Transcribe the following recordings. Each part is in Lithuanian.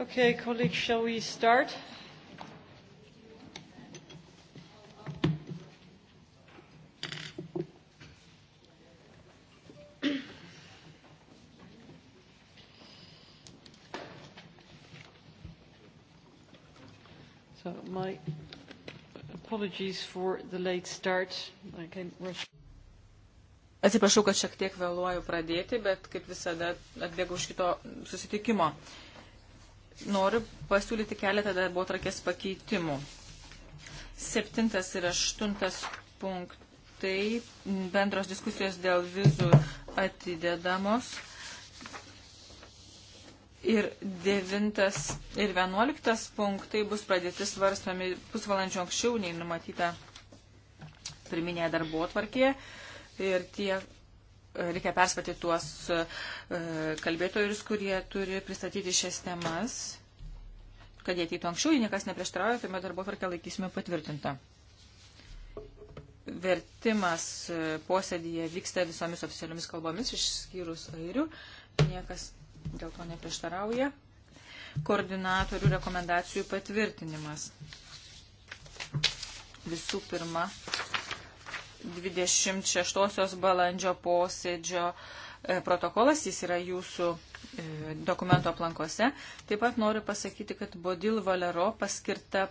Okay, colleagues, shall we start? So my apologies for the late start. I came rush. Atsiprašau, kad šiek tiek vėluoju pradėti, bet kaip visada atbėgau iš kito susitikimo. Uh, noriu pasiūlyti keletą darbo trakės pakeitimų. Septintas ir aštuntas punktai, bendros diskusijos dėl vizų atidedamos. Ir devintas ir vienuoliktas punktai bus pradėti svarstami pusvalandžio anksčiau nei numatyta pirminėje darbo tvarkėje. Ir tie reikia persvati tuos e, kalbėtojus, kurie turi pristatyti šias temas, kad jie ateitų anksčiau, jei niekas neprieštarauja, tuomet darbo tvarkę laikysime patvirtintą. Vertimas e, posėdėje vyksta visomis oficialiomis kalbomis, išskyrus airių, niekas dėl to neprieštarauja. Koordinatorių rekomendacijų patvirtinimas. Visų pirma, 26 balandžio posėdžio e, protokolas, jis yra jūsų e, dokumento aplankose. Taip pat noriu pasakyti, kad Bodil Valero paskirta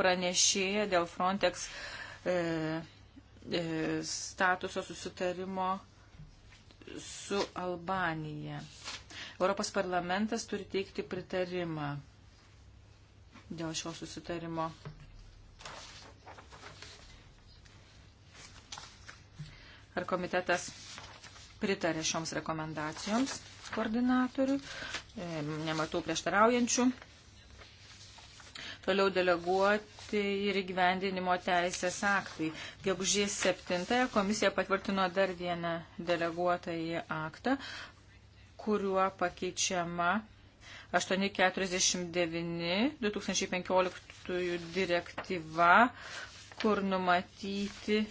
pranešėja dėl Frontex e, e, statuso susitarimo su Albanija. Europos parlamentas turi teikti pritarimą dėl šio susitarimo. Ar komitetas pritarė šioms rekomendacijoms koordinatorių? E, nematau prieštaraujančių. Toliau deleguoti ir įgyvendinimo teisės aktai. Gegužės 7 komisija patvirtino dar vieną deleguotąjį aktą, kuriuo pakeičiama 849 2015 direktyva, kur numatyti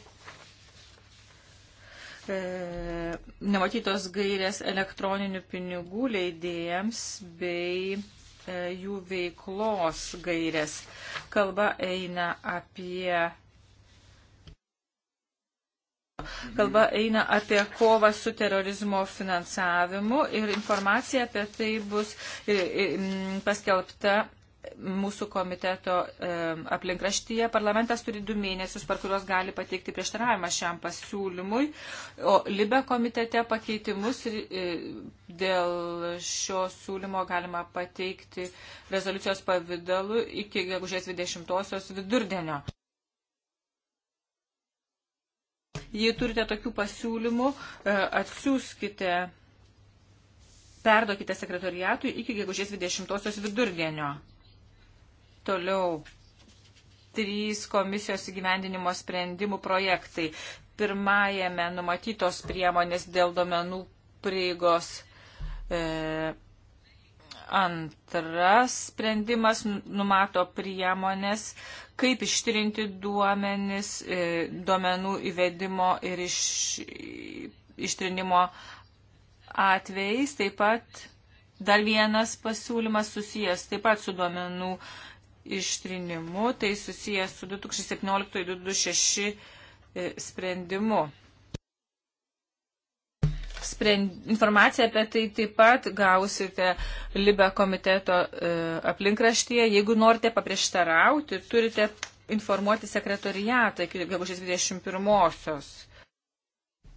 e, numatytos gairės elektroninių pinigų leidėjams bei e, jų veiklos gairės. Kalba eina apie. Kalba eina apie kovą su terorizmo finansavimu ir informacija apie tai bus e, e, paskelbta mūsų komiteto e, aplinkraštyje parlamentas turi du mėnesius, per kuriuos gali pateikti prieštaravimą šiam pasiūlymui, o Libe komitete pakeitimus e, dėl šio siūlymo galima pateikti rezoliucijos pavydalu iki gegužės 20-osios vidurdienio. Jei turite tokių pasiūlymų, e, atsiųskite perduokite sekretoriatui iki gegužės 20-osios vidurdienio. Toliau trys komisijos įgyvendinimo sprendimų projektai. Pirmajame numatytos priemonės dėl domenų prieigos. E, antras sprendimas numato priemonės, kaip ištrinti duomenis, e, duomenų įvedimo ir iš, ištrinimo atvejais. Taip pat dar vienas pasiūlymas susijęs taip pat su duomenų įvedimo ištrinimu, tai susijęs su 2017-2026 e, sprendimu. Sprend, informaciją apie tai taip pat gausite Libe komiteto e, aplinkraštyje. Jeigu norite paprieštarauti, turite informuoti sekretoriatą iki gegužės 21-osios.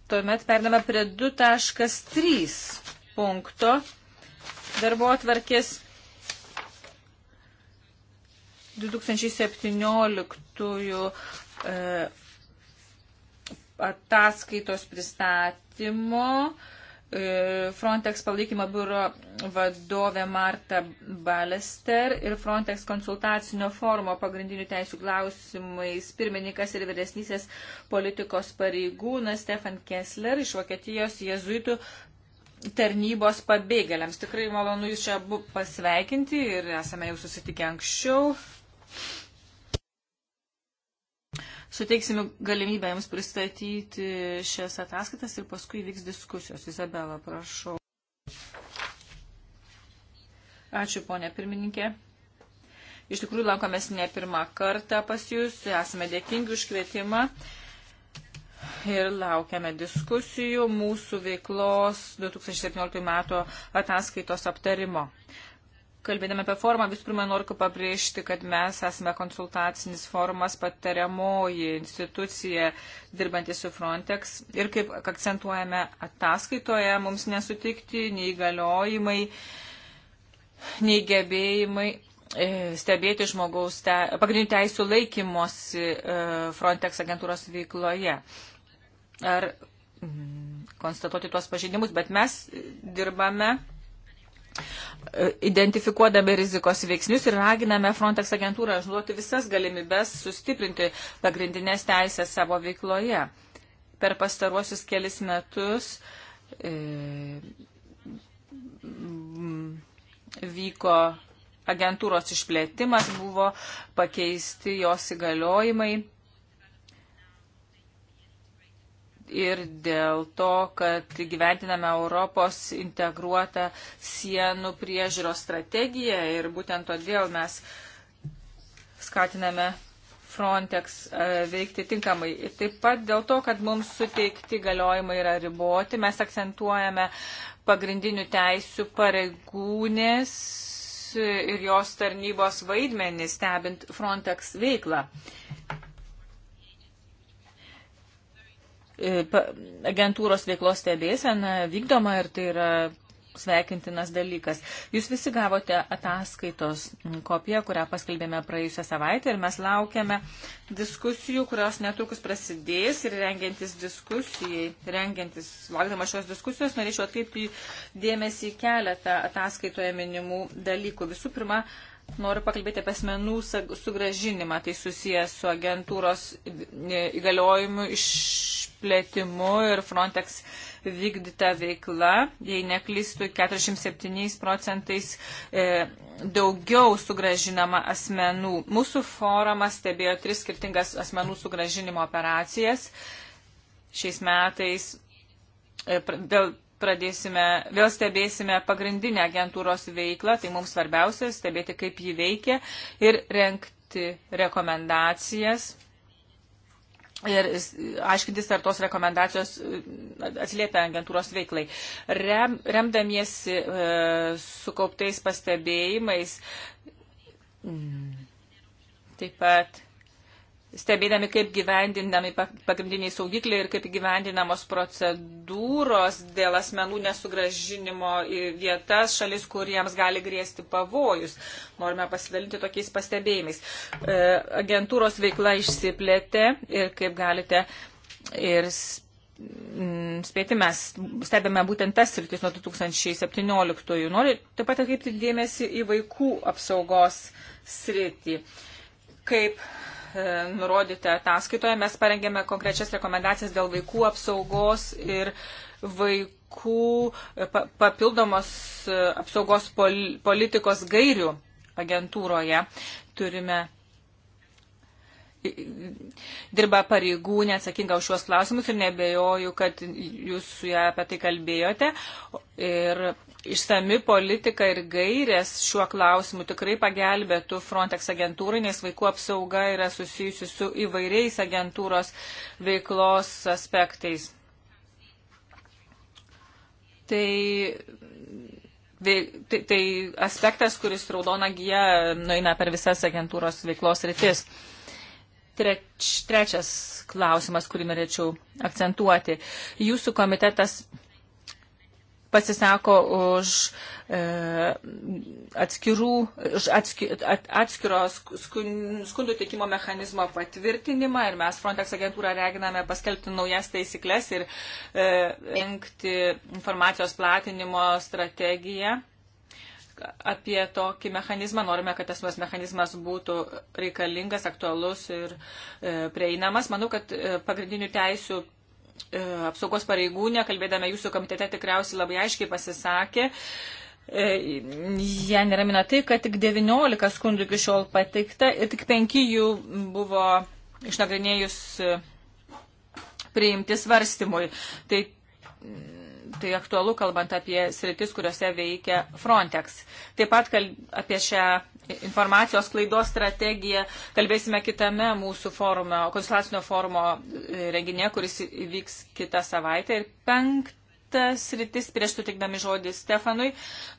Tuomet perdame prie 2.3 punkto darbo atvarkės 2017 e, ataskaitos pristatymo e, Frontex palaikymo biuro vadovė Marta Balester ir Frontex konsultacinio forumo pagrindinių teisų klausimais pirmininkas ir vyresnysis politikos pareigūnas Stefan Kessler iš Vokietijos jėzuitų tarnybos pabėgėliams. Tikrai malonu Jūs čia abu pasveikinti ir esame jau susitikę anksčiau. Suteiksime galimybę jums pristatyti šias ataskaitas ir paskui vyks diskusijos. Izabela, prašau. Ačiū, ponė pirmininkė. Iš tikrųjų, lankomės ne pirmą kartą pas jūs. Esame dėkingi už kvietimą ir laukiame diskusijų mūsų veiklos 2017 metų ataskaitos aptarimo. Kalbėdami apie formą, visų pirma, noriu pabrėžti, kad mes esame konsultacinis formas patariamoji institucija dirbanti su Frontex ir kaip akcentuojame ataskaitoje, mums nesutikti nei galiojimai, nei gebėjimai e, stebėti žmogaus te, pagrindinių teisų laikymosi e, Frontex agentūros veikloje. Ar mm, konstatuoti tuos pažeidimus, bet mes dirbame identifikuodami rizikos veiksnius ir raginame Frontex agentūrą žluoti visas galimybes sustiprinti pagrindinės teisės savo veikloje. Per pastaruosius kelis metus e, vyko agentūros išplėtimas, buvo pakeisti jos įgaliojimai ir dėl to, kad gyventiname Europos integruotą sienų priežiūros strategiją ir būtent todėl mes skatiname Frontex e, veikti tinkamai. Ir taip pat dėl to, kad mums suteikti galiojimai yra riboti, mes akcentuojame pagrindinių teisių pareigūnės ir jos tarnybos vaidmenį stebint Frontex veiklą. E, agentūros veiklos stebėsena vykdoma ir tai yra sveikintinas dalykas. Jūs visi gavote ataskaitos kopiją, kurią paskelbėme praėjusią savaitę ir mes laukiame diskusijų, kurios netrukus prasidės ir rengiantis diskusijai, rengiantis, laukdama šios diskusijos, norėčiau atkreipti dėmesį keletą ataskaitoje minimų dalykų. Visų pirma, Noriu pakalbėti apie asmenų sugražinimą. Tai susijęs su agentūros įgaliojimu išplėtimu ir Frontex vykdyta veikla. Jei neklystų, 47 procentais e, daugiau sugražinama asmenų. Mūsų forumas stebėjo tris skirtingas asmenų sugražinimo operacijas. Šiais metais e, dėl pradėsime, vėl stebėsime pagrindinę agentūros veiklą, tai mums svarbiausia stebėti, kaip ji veikia ir renkti rekomendacijas. Ir aiškintis, ar tos rekomendacijos e, atsiliepia agentūros veiklai. Rem, remdamiesi e, sukauptais pastebėjimais, taip pat stebėdami, kaip gyvendinami pagrindiniai saugikliai ir kaip gyvendinamos procedūros dėl asmenų nesugražinimo į vietas, šalis, kuriems gali grėsti pavojus. Norime pasidalinti tokiais pastebėjimais. E, agentūros veikla išsiplėtė ir kaip galite ir spėti mes stebime būtent tas sritis nuo 2017. Noriu taip pat atkreipti dėmesį į vaikų apsaugos sritį. Kaip E, nurodyta ataskaitoje, mes parengėme konkrečias rekomendacijas dėl vaikų apsaugos ir vaikų e, papildomos e, apsaugos politikos gairių agentūroje. Turime dirba pareigūnė atsakinga už šiuos klausimus ir nebejoju, kad jūs su ją apie tai kalbėjote. Ir išsami politika ir gairės šiuo klausimu tikrai pagelbėtų Frontex agentūrai, nes vaikų apsauga yra susijusi su įvairiais agentūros veiklos aspektais. Tai, tai, tai aspektas, kuris raudona gyja nueina per visas agentūros veiklos rytis. Treč, trečias klausimas, kurį norėčiau akcentuoti. Jūsų komitetas pasisako už, e, atskirų, už atski, at, atskiro skundų teikimo mechanizmo patvirtinimą ir mes Frontex agentūrą reginame paskelbti naujas taisyklės ir e, rengti informacijos platinimo strategiją. Apie tokį mechanizmą norime, kad tas mechanizmas būtų reikalingas, aktualus ir e, prieinamas. Manau, kad e, pagrindinių teisų E, apsaugos pareigūnė, kalbėdame jūsų komitete, tikriausiai labai aiškiai pasisakė. Jie neramina tai, kad tik 19 skundų iki šiol pateikta ir tik 5 jų buvo išnagrinėjus e, priimti svarstymui. Tai tai aktualu kalbant apie sritis, kuriuose veikia Frontex. Taip pat kal, apie šią informacijos klaidos strategiją kalbėsime kitame mūsų forume, konsultacinio forumo e, renginėje, kuris vyks kitą savaitę. Ir penktas sritis, prieš sutikdami žodį Stefanui,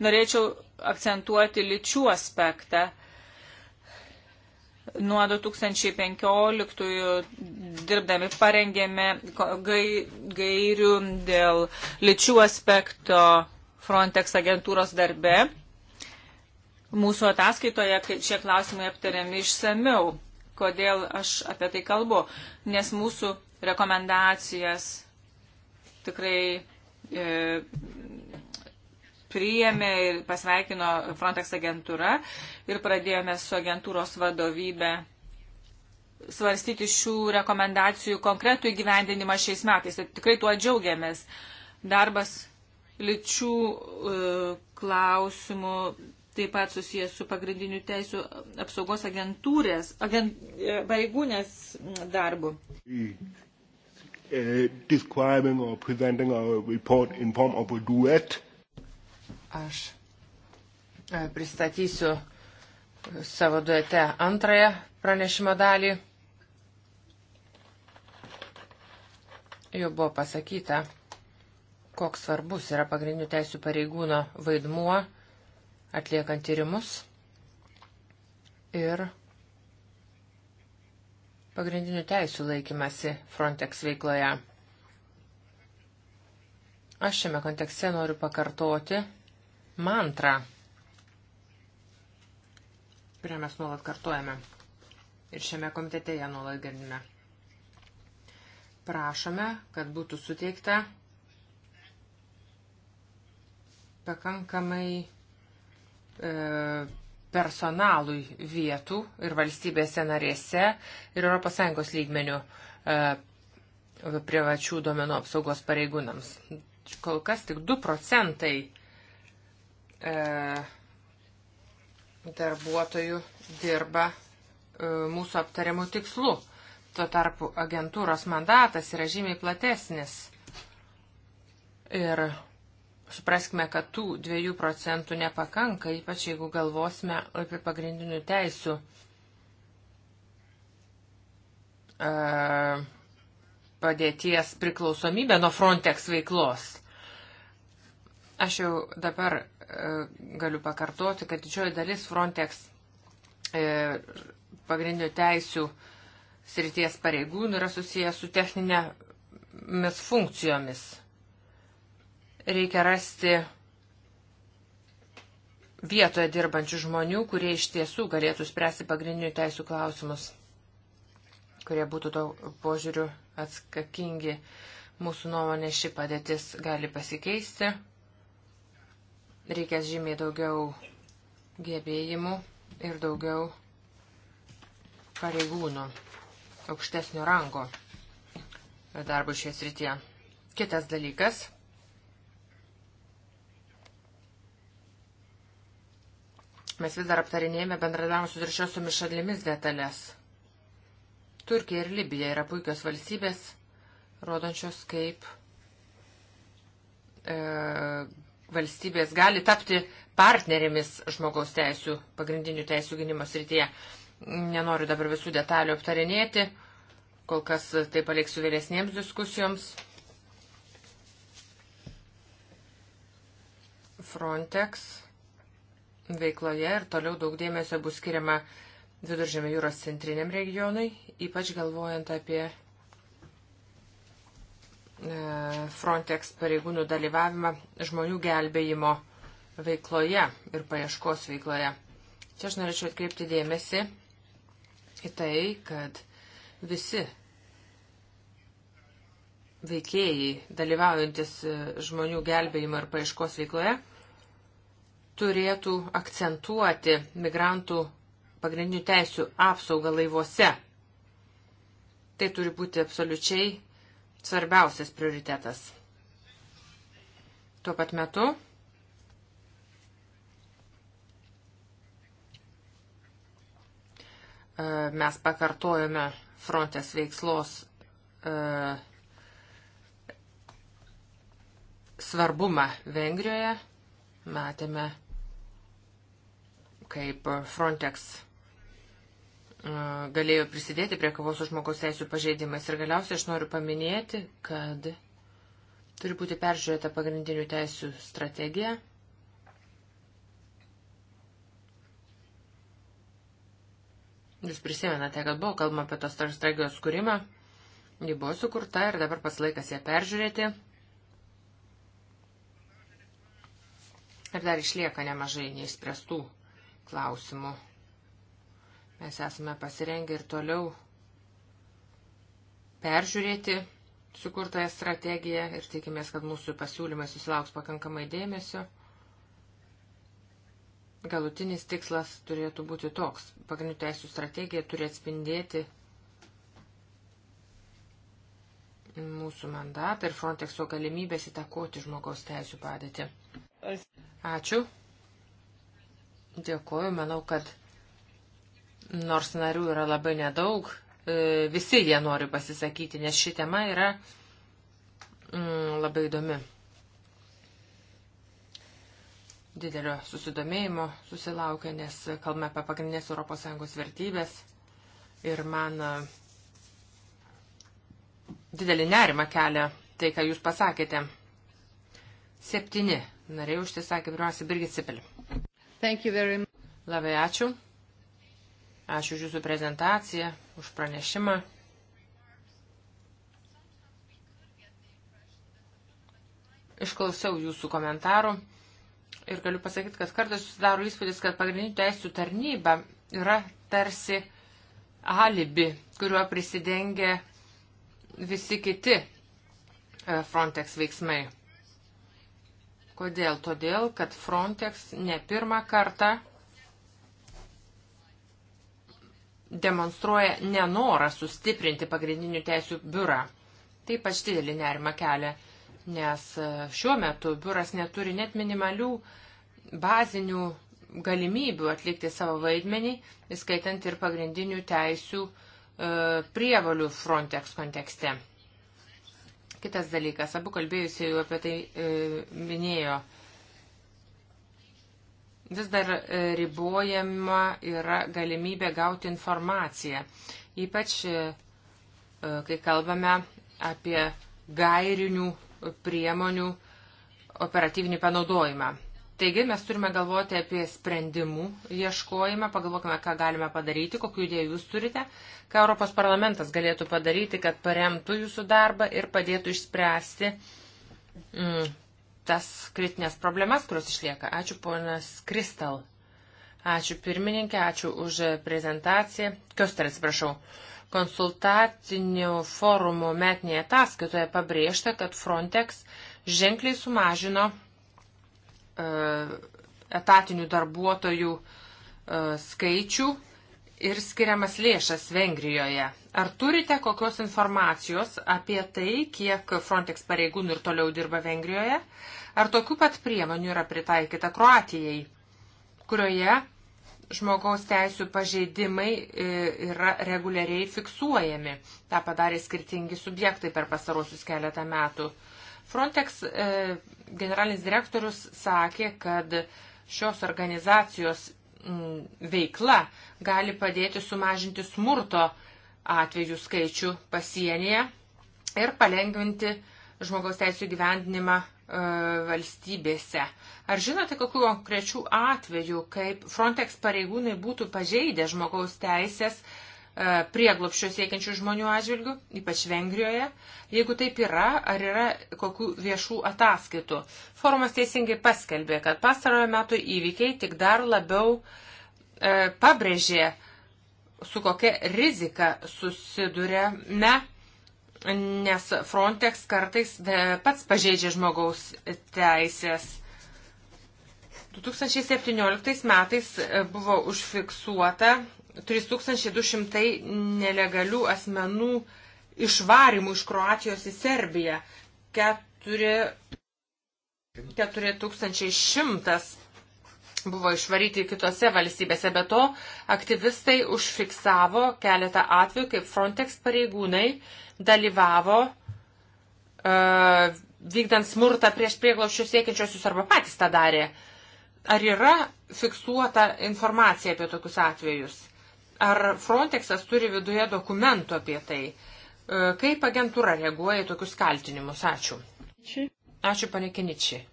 norėčiau akcentuoti lyčių aspektą. Nuo 2015 dirbdami parengėme gairių dėl lyčių aspekto Frontex agentūros darbe. Mūsų ataskaitoje šie klausimai aptariami išsamiau. Kodėl aš apie tai kalbu? Nes mūsų rekomendacijas tikrai e, priėmė ir pasveikino Frontex agentūra ir pradėjome su agentūros vadovybė svarstyti šių rekomendacijų konkretų įgyvendinimą šiais metais. Ir tikrai tuo džiaugiamės. Darbas lyčių e, klausimų taip pat susijęs su pagrindinių teisų apsaugos agentūrės, agent, e, pareigūnės darbu. Uh, describing or presenting a report in form of a duet Aš e, pristatysiu savo duete antrąją pranešimo dalį. Jau buvo pasakyta, koks svarbus yra pagrindinių teisų pareigūno vaidmuo atliekant tyrimus ir pagrindinių teisų laikymasi Frontex veikloje. Aš šiame kontekste noriu pakartoti mantrą, kurią mes nuolat kartuojame ir šiame komitete ją nuolat girdime. Prašome, kad būtų suteikta pakankamai e, personalui vietų ir valstybėse narėse ir ES lygmenių e, privačių duomenų apsaugos pareigūnams. Kol kas tik 2 procentai e, E, darbuotojų dirba e, mūsų aptariamų tikslų. Tuo tarpu agentūros mandatas yra žymiai platesnis. Ir supraskime, kad tų dviejų procentų nepakanka, ypač jeigu galvosime apie pagrindinių teisų e, padėties priklausomybę nuo Frontex veiklos. Aš jau dabar E, galiu pakartoti, kad didžioji dalis Frontex e, pagrindinių teisių srities pareigūnų yra susijęs su techninėmis funkcijomis. Reikia rasti vietoje dirbančių žmonių, kurie iš tiesų galėtų spręsti pagrindinių teisų klausimus, kurie būtų to požiūriu atskakingi. Mūsų nuomonė ši padėtis gali pasikeisti reikės žymiai daugiau gebėjimų ir daugiau pareigūnų aukštesnio rango darbo šioje srityje. Kitas dalykas. Mes vis dar aptarinėjame bendradavimą su trečiosiomis šalimis detalės. Turkija ir Libija yra puikios valstybės, rodančios kaip e, valstybės gali tapti partnerėmis žmogaus teisų, pagrindinių teisų gynimo srityje. Nenoriu dabar visų detalių aptarinėti, kol kas tai paliksiu vėlesnėms diskusijoms. Frontex veikloje ir toliau daug dėmesio bus skiriama Viduržėmio jūros centriniam regionui, ypač galvojant apie E, Frontex pareigūnų dalyvavimą žmonių gelbėjimo veikloje ir paieškos veikloje. Čia aš norėčiau atkreipti dėmesį į tai, kad visi veikėjai, dalyvaujantis e, žmonių gelbėjimo ir paieškos veikloje, turėtų akcentuoti migrantų pagrindinių teisių apsaugą laivuose. Tai turi būti absoliučiai svarbiausias prioritetas. Tuo pat metu e, mes pakartojome frontės veikslos e, svarbumą Vengrijoje. Matėme, kaip Frontex E, galėjo prisidėti prie kovos už žmogaus teisų pažeidimais. Ir galiausiai aš noriu paminėti, kad turi būti peržiūrėta pagrindinių teisų strategija. Jūs prisimenate, kad buvo kalbama apie tos strategijos skūrimą. Ji buvo sukurta ir dabar pats laikas ją peržiūrėti. Ir dar išlieka nemažai neįspręstų klausimų. Mes esame pasirengę ir toliau peržiūrėti sukurtąją strategiją ir tikimės, kad mūsų pasiūlymai susilauks pakankamai dėmesio. Galutinis tikslas turėtų būti toks. Pagrindinių teisų strategija turi atspindėti mūsų mandatą ir Frontexo galimybės įtakoti žmogaus teisų padėtį. Ačiū. Dėkoju, manau, kad nors narių yra labai nedaug, e, visi jie nori pasisakyti, nes ši tema yra mm, labai įdomi. Didelio susidomėjimo susilaukia, nes kalbame apie pagrindinės ES vertybės ir man e, didelį nerimą kelia tai, ką jūs pasakėte. Septyni nariai užsisakė, pirmiausia, Birgit Sipelė. Labai ačiū. Ačiū už Jūsų prezentaciją, už pranešimą. Išklausiau Jūsų komentarų ir galiu pasakyti, kad kartais susidaro įspūdis, kad pagrindinių teisų tarnyba yra tarsi alibi, kuriuo prisidengia visi kiti e, Frontex veiksmai. Kodėl? Todėl, kad Frontex ne pirmą kartą demonstruoja nenorą sustiprinti pagrindinių teisių biurą. Tai ypač didelį nerimą kelia, nes e, šiuo metu biuras neturi net minimalių bazinių galimybių atlikti savo vaidmenį, įskaitant ir pagrindinių teisių e, prievalių Frontex kontekste. Kitas dalykas, abu kalbėjusiai jau apie tai e, minėjo, e, vis dar e, ribojama yra galimybė gauti informaciją. Ypač, e, e, kai kalbame apie gairinių priemonių operatyvinį panaudojimą. Taigi mes turime galvoti apie sprendimų ieškojimą, pagalvokime, ką galime padaryti, kokiu idėjų jūs turite, ką Europos parlamentas galėtų padaryti, kad paremtų jūsų darbą ir padėtų išspręsti mm, tas kritinės problemas, kurios išlieka. Ačiū ponas Kristal. Ačiū pirmininkė, ačiū už prezentaciją. Kiostar, atsiprašau. Konsultatinių forumų metinėje ataskaitoje pabrėžta, kad Frontex ženkliai sumažino uh, etatinių darbuotojų uh, skaičių ir skiriamas lėšas Vengrijoje. Ar turite kokios informacijos apie tai, kiek Frontex pareigūnų ir toliau dirba Vengrijoje? Ar tokių pat priemonių yra pritaikyta Kroatijai, kurioje žmogaus teisų pažeidimai e, yra reguliariai fiksuojami? Ta padarė skirtingi subjektai per pasarosius keletą metų. Frontex e, generalinis direktorius sakė, kad šios organizacijos Mm, veikla gali padėti sumažinti smurto atvejų skaičių pasienyje ir palengvinti žmogaus teisų gyvendinimą e, valstybėse. Ar žinote kokiu konkrečių atveju, kaip Frontex pareigūnai būtų pažeidę žmogaus teisės uh, E, prieglopščio siekiančių žmonių atžvilgių, ypač Vengrijoje. Jeigu taip yra, ar yra kokių viešų ataskaitų? Forumas teisingai paskelbė, kad pastarojo metu įvykiai tik dar labiau e, pabrėžė, su kokia rizika susidurėme, nes Frontex kartais e, pats pažeidžia žmogaus teisės. 2017 metais e, buvo užfiksuota 3200 nelegalių asmenų išvarimų iš Kroatijos į Serbiją, 4100 buvo išvaryti kitose valstybėse. Be to, aktyvistai užfiksavo keletą atvejų, kaip Frontex pareigūnai dalyvavo uh, vykdant smurtą prieš prieglaušius siekiančiosius arba patys tą darė. Ar yra fiksuota informacija apie tokius atvejus? Ar Frontexas turi viduje dokumentų apie tai? E, kaip agentūra reaguoja į tokius kaltinimus? Ačiū. Ačiū, pane Kiničiai.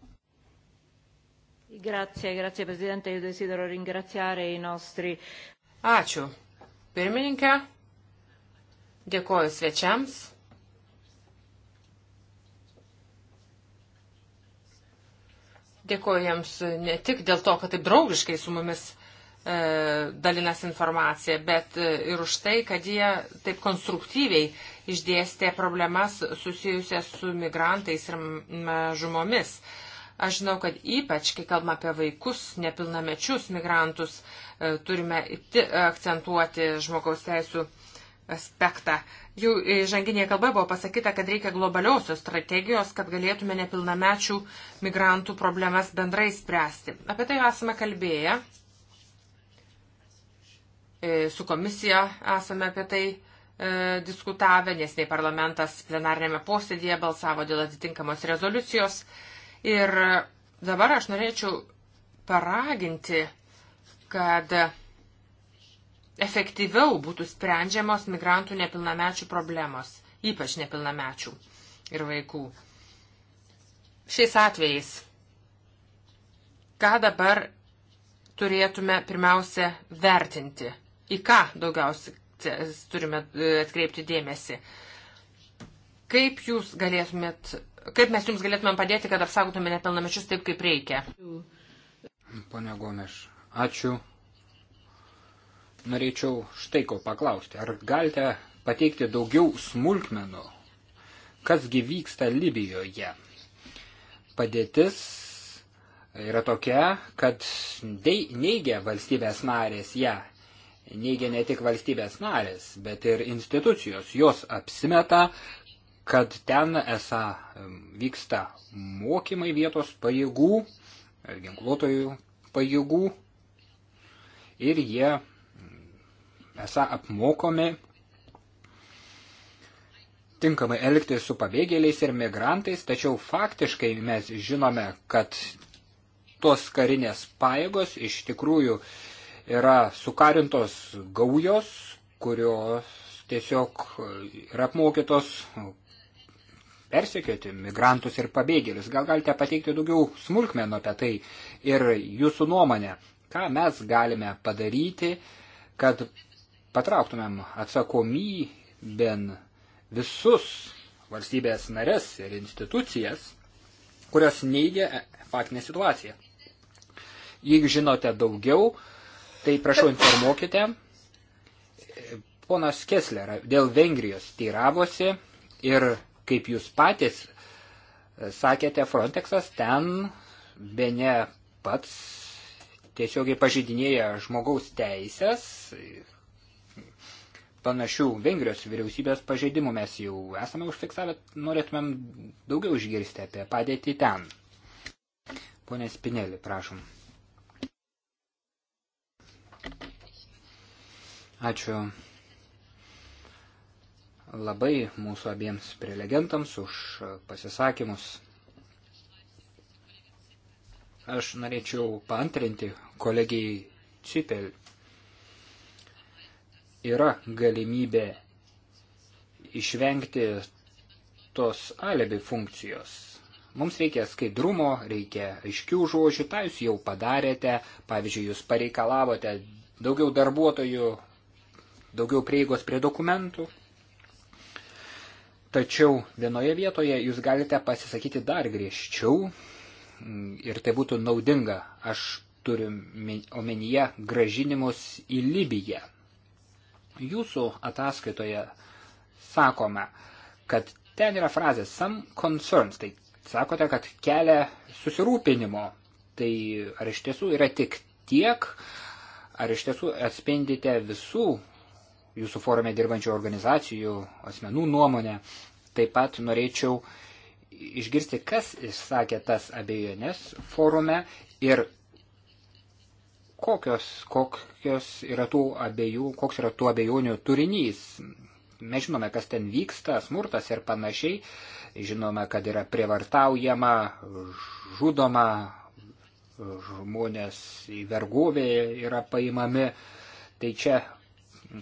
Grazie, grazie Presidente, io desidero ringraziare i nostri. Ačiū. Pirmininkė, dėkoju svečiams. Dėkoju jiems ne tik dėl to, kad taip draugiškai su mumis E, dalinas informaciją, bet e, ir už tai, kad jie taip konstruktyviai išdėstė problemas susijusias su migrantais ir mažumomis. Aš žinau, kad ypač, kai kalbame apie vaikus, nepilnamečius migrantus, e, turime akcentuoti žmogaus teisų aspektą. Jų žanginėje kalba buvo pasakyta, kad reikia globaliausios strategijos, kad galėtume nepilnamečių migrantų problemas bendrai spręsti. Apie tai esame kalbėję E, su komisija esame apie tai e, diskutavę, nes tai parlamentas plenarnėme posėdėje balsavo dėl atitinkamos rezoliucijos. Ir dabar aš norėčiau paraginti, kad efektyviau būtų sprendžiamos migrantų nepilnamečių problemos, ypač nepilnamečių ir vaikų. Šiais atvejais, ką dabar turėtume pirmiausia vertinti? į ką daugiausiai turime e, atkreipti dėmesį. Kaip jūs galėtumėt, kaip mes jums galėtumėm padėti, kad apsaugotume nepilnamečius taip, kaip reikia? Pane Gomeš, ačiū. Norėčiau štai ko paklausti. Ar galite pateikti daugiau smulkmenų, kas gyvyksta Libijoje? Padėtis yra tokia, kad neigia valstybės narės ją. Ja neigia ne tik valstybės narės, bet ir institucijos. Jos apsimeta, kad ten esą vyksta mokymai vietos pajėgų, ginkluotojų pajėgų ir jie esą apmokomi tinkamai elgtis su pabėgėliais ir migrantais, tačiau faktiškai mes žinome, kad tos karinės paėgos iš tikrųjų yra sukarintos gaujos, kurios tiesiog yra apmokytos persekioti migrantus ir pabėgėlius. Gal galite pateikti daugiau smulkmenų apie tai ir jūsų nuomonę, ką mes galime padaryti, kad patrauktumėm atsakomybėn visus valstybės nares ir institucijas, kurios neigia faktinę situaciją. Jeigu žinote daugiau, Tai prašau informuokite. Ponas Kessler dėl Vengrijos teiravosi ir kaip jūs patys e, sakėte, Frontexas ten be ne pats tiesiogiai pažydinėja žmogaus teisės. Panašių Vengrijos vyriausybės pažeidimų mes jau esame užfiksavę, norėtumėm daugiau išgirsti apie padėtį ten. Pone Spinelį, prašom. Ačiū labai mūsų abiems prelegentams už pasisakymus. Aš norėčiau paantrinti kolegijai Cipel. Yra galimybė išvengti tos alibi funkcijos. Mums reikia skaidrumo, reikia aiškių žodžių, tą jūs jau padarėte, pavyzdžiui, jūs pareikalavote daugiau darbuotojų daugiau prieigos prie dokumentų. Tačiau vienoje vietoje jūs galite pasisakyti dar griežčiau ir tai būtų naudinga. Aš turiu omenyje gražinimus į Libiją. Jūsų ataskaitoje sakoma, kad ten yra frazė some concerns, tai sakote, kad kelia susirūpinimo. Tai ar iš tiesų yra tik tiek, ar iš tiesų atspindite visų jūsų forume dirbančių organizacijų, asmenų nuomonę. Taip pat norėčiau išgirsti, kas išsakė tas abejonės forume ir kokios, kokios yra tų abiejų, koks yra tų abejonių turinys. Mes žinome, kas ten vyksta, smurtas ir panašiai. Žinome, kad yra prievartaujama, žudoma, žmonės į vergovę yra paimami. Tai čia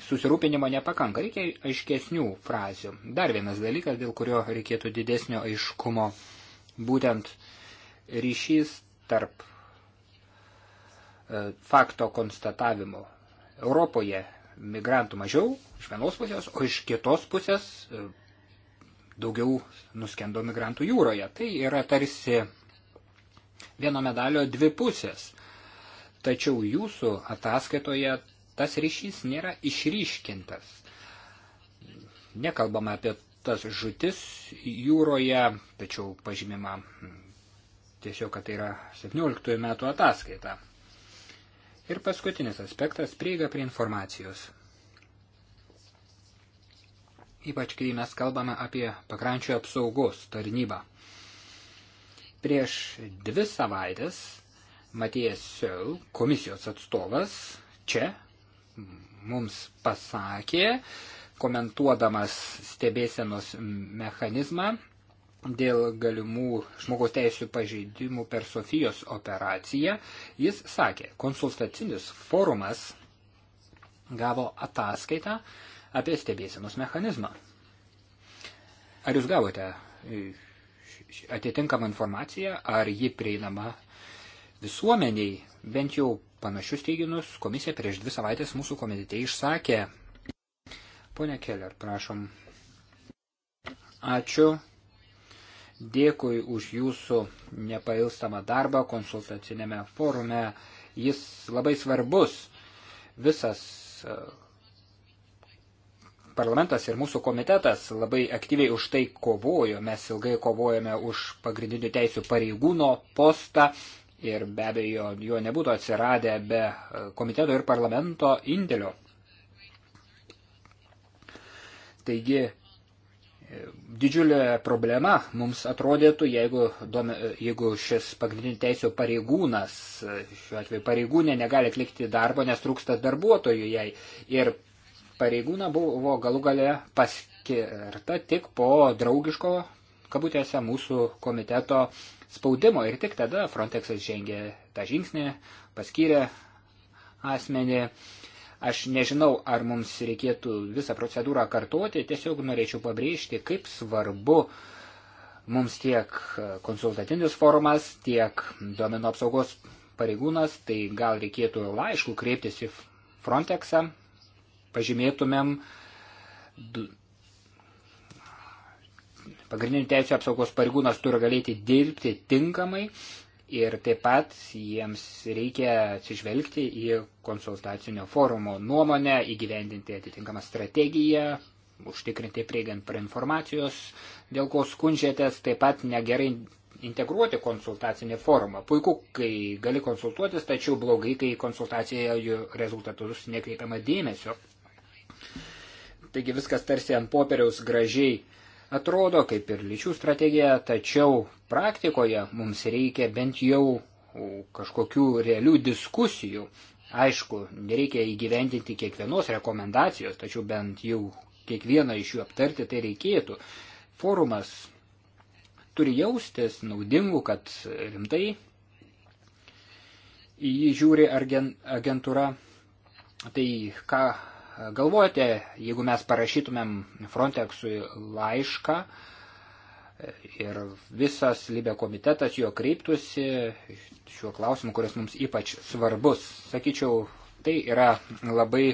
susirūpinimo nepakanka, reikia aiškesnių frazių. Dar vienas dalykas, dėl kurio reikėtų didesnio aiškumo, būtent ryšys tarp e, fakto konstatavimo. Europoje migrantų mažiau iš vienos pusės, o iš kitos pusės e, daugiau nuskendo migrantų jūroje. Tai yra tarsi vieno medalio dvi pusės. Tačiau jūsų ataskaitoje tas ryšys nėra išryškintas. Nekalbama apie tas žutis jūroje, tačiau pažymima tiesiog, kad tai yra 17 metų ataskaita. Ir paskutinis aspektas - prieiga prie informacijos. Ypač, kai mes kalbame apie pakrančių apsaugos tarnybą. Prieš dvi savaitės Matijas Siul, komisijos atstovas, čia mums pasakė, komentuodamas stebėsenos mechanizmą dėl galimų žmogaus teisų pažeidimų per Sofijos operaciją, jis sakė, konsultacinis forumas gavo ataskaitą apie stebėsenos mechanizmą. Ar jūs gavote e, atitinkamą informaciją, ar ji prieinama visuomeniai, Bent jau panašius teiginius komisija prieš dvi savaitės mūsų komitete išsakė. Pone Keller, prašom. Ačiū. Dėkui už jūsų nepailstamą darbą konsultacinėme forume. Jis labai svarbus. Visas e, parlamentas ir mūsų komitetas labai aktyviai už tai kovojo. Mes ilgai kovojame už pagrindinių teisų pareigūno postą ir be abejo jo nebūtų atsiradę be e, komiteto ir parlamento indėlio. Taigi e, didžiulė problema mums atrodytų, jeigu, e, jeigu šis pagrindinių teisų pareigūnas, šiuo atveju pareigūnė, negali atlikti darbo, nes trūksta darbuotojų jai. Ir pareigūna buvo galų gale paskirta tik po draugiško, kabutėse, mūsų komiteto uh, spaudimo ir tik tada Frontexas žengė tą žingsnį, paskyrė asmenį. Aš nežinau, ar mums reikėtų visą procedūrą kartuoti, tiesiog norėčiau pabrėžti, kaip svarbu mums tiek konsultatinis forumas, tiek duomenų apsaugos pareigūnas, tai gal reikėtų laišku kreiptis į Frontexą, pažymėtumėm Pagrindinių teisų apsaugos pareigūnas turi galėti dirbti tinkamai ir taip pat jiems reikia atsižvelgti į konsultacinio forumo nuomonę, įgyvendinti atitinkamą strategiją, užtikrinti prieigant prie informacijos, dėl ko skundžiatės, taip pat negerai integruoti konsultacinį forumą. Puiku, kai gali konsultuotis, tačiau blogai, kai konsultacijoje rezultatus nekreipiama dėmesio. Taigi viskas tarsi ant popieriaus gražiai atrodo kaip ir lyčių strategija, tačiau praktikoje mums reikia bent jau kažkokių realių diskusijų. Aišku, nereikia įgyvendinti kiekvienos rekomendacijos, tačiau bent jau kiekvieną iš jų aptarti tai reikėtų. Forumas turi jaustis naudingu, kad rimtai į jį žiūri agentūra. Tai ką galvojate, jeigu mes parašytumėm Frontexui laišką ir visas Libė komitetas jo kreiptųsi šiuo klausimu, kuris mums ypač svarbus. Sakyčiau, tai yra labai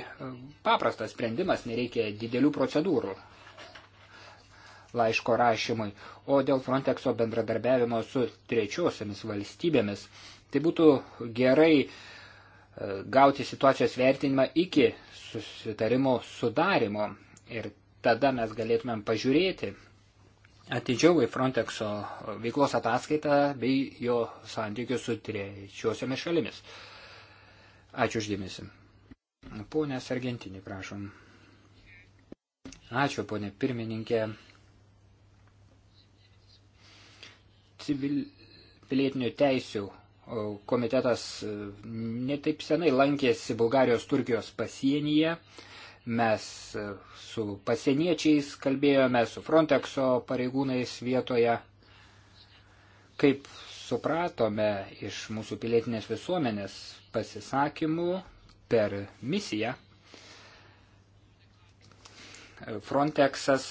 paprastas sprendimas, nereikia didelių procedūrų laiško rašymui, o dėl Frontexo bendradarbiavimo su trečiosiamis valstybėmis. Tai būtų gerai uh, gauti situacijos vertinimą iki susitarimo sudarimo ir tada mes galėtumėm pažiūrėti atidžiau į Frontexo veiklos ataskaitą bei jo santykius su trečiosiomis šalimis. Ačiū uždėmesi. Pone Sargentinį, prašom. Ačiū, ponė pirmininkė. Civil, pilietinių teisių komitetas e, netaip senai lankėsi Bulgarijos-Turkijos pasienyje. Mes e, su pasieniečiais kalbėjome, su Frontexo pareigūnais vietoje. Kaip supratome iš mūsų pilietinės visuomenės pasisakymų per misiją, Frontexas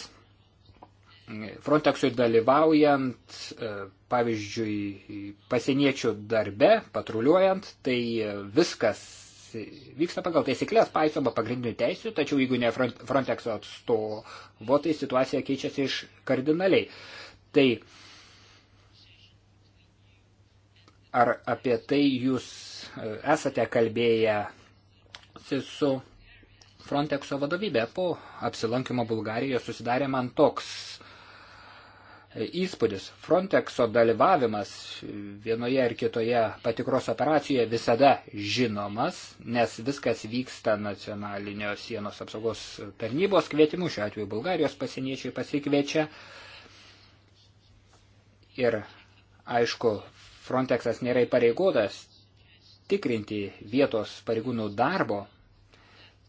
Frontexui dalyvaujant, e, pavyzdžiui, pasieniečių darbe, patruliuojant, tai viskas vyksta pagal taisyklės, paisoma pagrindinių teisių, tačiau jeigu ne Frontexo atstovo, tai situacija keičiasi iš kardinaliai. Tai ar apie tai jūs e, esate kalbėję su Frontexo vadovybė po apsilankimo Bulgarijoje susidarė man toks įspūdis. Frontexo dalyvavimas vienoje ar kitoje patikros operacijoje visada žinomas, nes viskas vyksta nacionalinio sienos apsaugos tarnybos kvietimu, šiuo atveju Bulgarijos pasieniečiai pasikviečia. Ir aišku, Frontexas nėra įpareigotas tikrinti vietos pareigūnų darbo,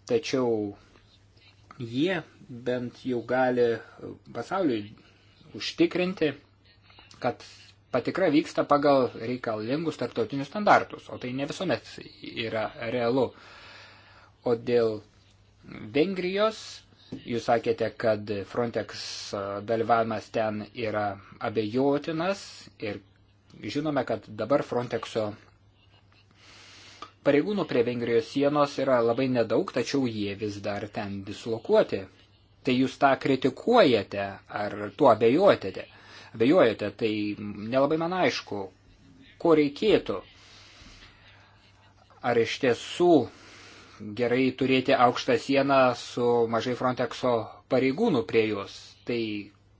tačiau jie bent jau gali pasauliui užtikrinti, kad patikra vyksta pagal reikalingus tarptautinius standartus, o tai ne visuomet yra realu. O dėl Vengrijos, jūs sakėte, kad Frontex dalyvavimas ten yra abejotinas ir žinome, kad dabar Frontexo pareigūnų prie Vengrijos sienos yra labai nedaug, tačiau jie vis dar ten dislokuoti tai jūs tą kritikuojate ar tuo abejojate, abejojate, tai nelabai man aišku, ko reikėtų. Ar iš tiesų gerai turėti aukštą sieną su mažai Frontexo pareigūnų prie jos, tai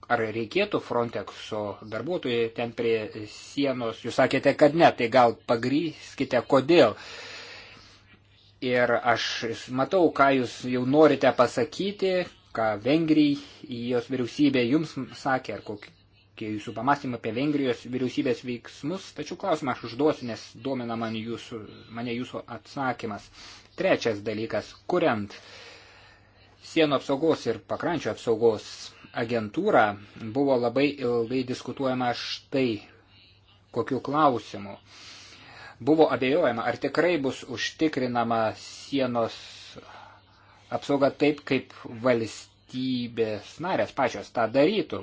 ar reikėtų Frontexo darbuotojai ten prie sienos, jūs sakėte, kad ne, tai gal pagryskite, kodėl. Ir aš matau, ką jūs jau norite pasakyti, ką Vengrijos vyriausybė jums sakė, ar kokie jūsų pamastymai apie Vengrijos vyriausybės veiksmus, tačiau klausimą aš užduosiu, nes domina man jūsų, mane jūsų atsakymas. Trečias dalykas, kuriant sienų apsaugos ir pakrančio apsaugos agentūrą, buvo labai ilgai diskutuojama štai kokiu klausimu. Buvo abejojama, ar tikrai bus užtikrinama sienos apsauga taip, kaip valstybės narės pačios tą darytų.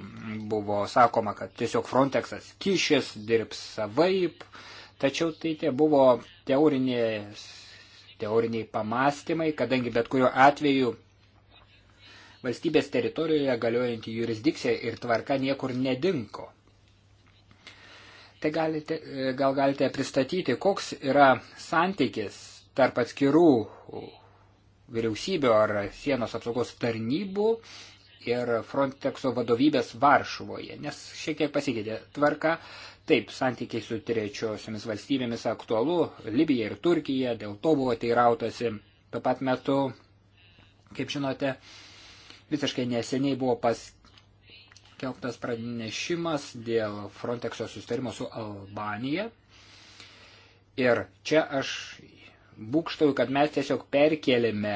Buvo sakoma, kad tiesiog Frontexas kišis, dirbs savaip, tačiau tai tie buvo teorinės, teoriniai pamastymai, kadangi bet kuriuo atveju valstybės teritorijoje galiojanti jurisdikcija ir tvarka niekur nedinko. Tai galite, gal galite pristatyti, koks yra santykis tarp atskirų vyriausybių ar sienos apsaugos tarnybų ir Frontexo vadovybės Varšuvoje, nes šiek tiek pasikeitė tvarka. Taip, santykiai su trečiosiomis valstybėmis aktualu, Libija ir Turkija, dėl to buvo teirautasi. Tuo pat metu, kaip žinote, visiškai neseniai buvo paskelbtas pranešimas dėl Frontexo sustarimo su Albanija. Ir čia aš būkštauju, kad mes tiesiog perkėlėme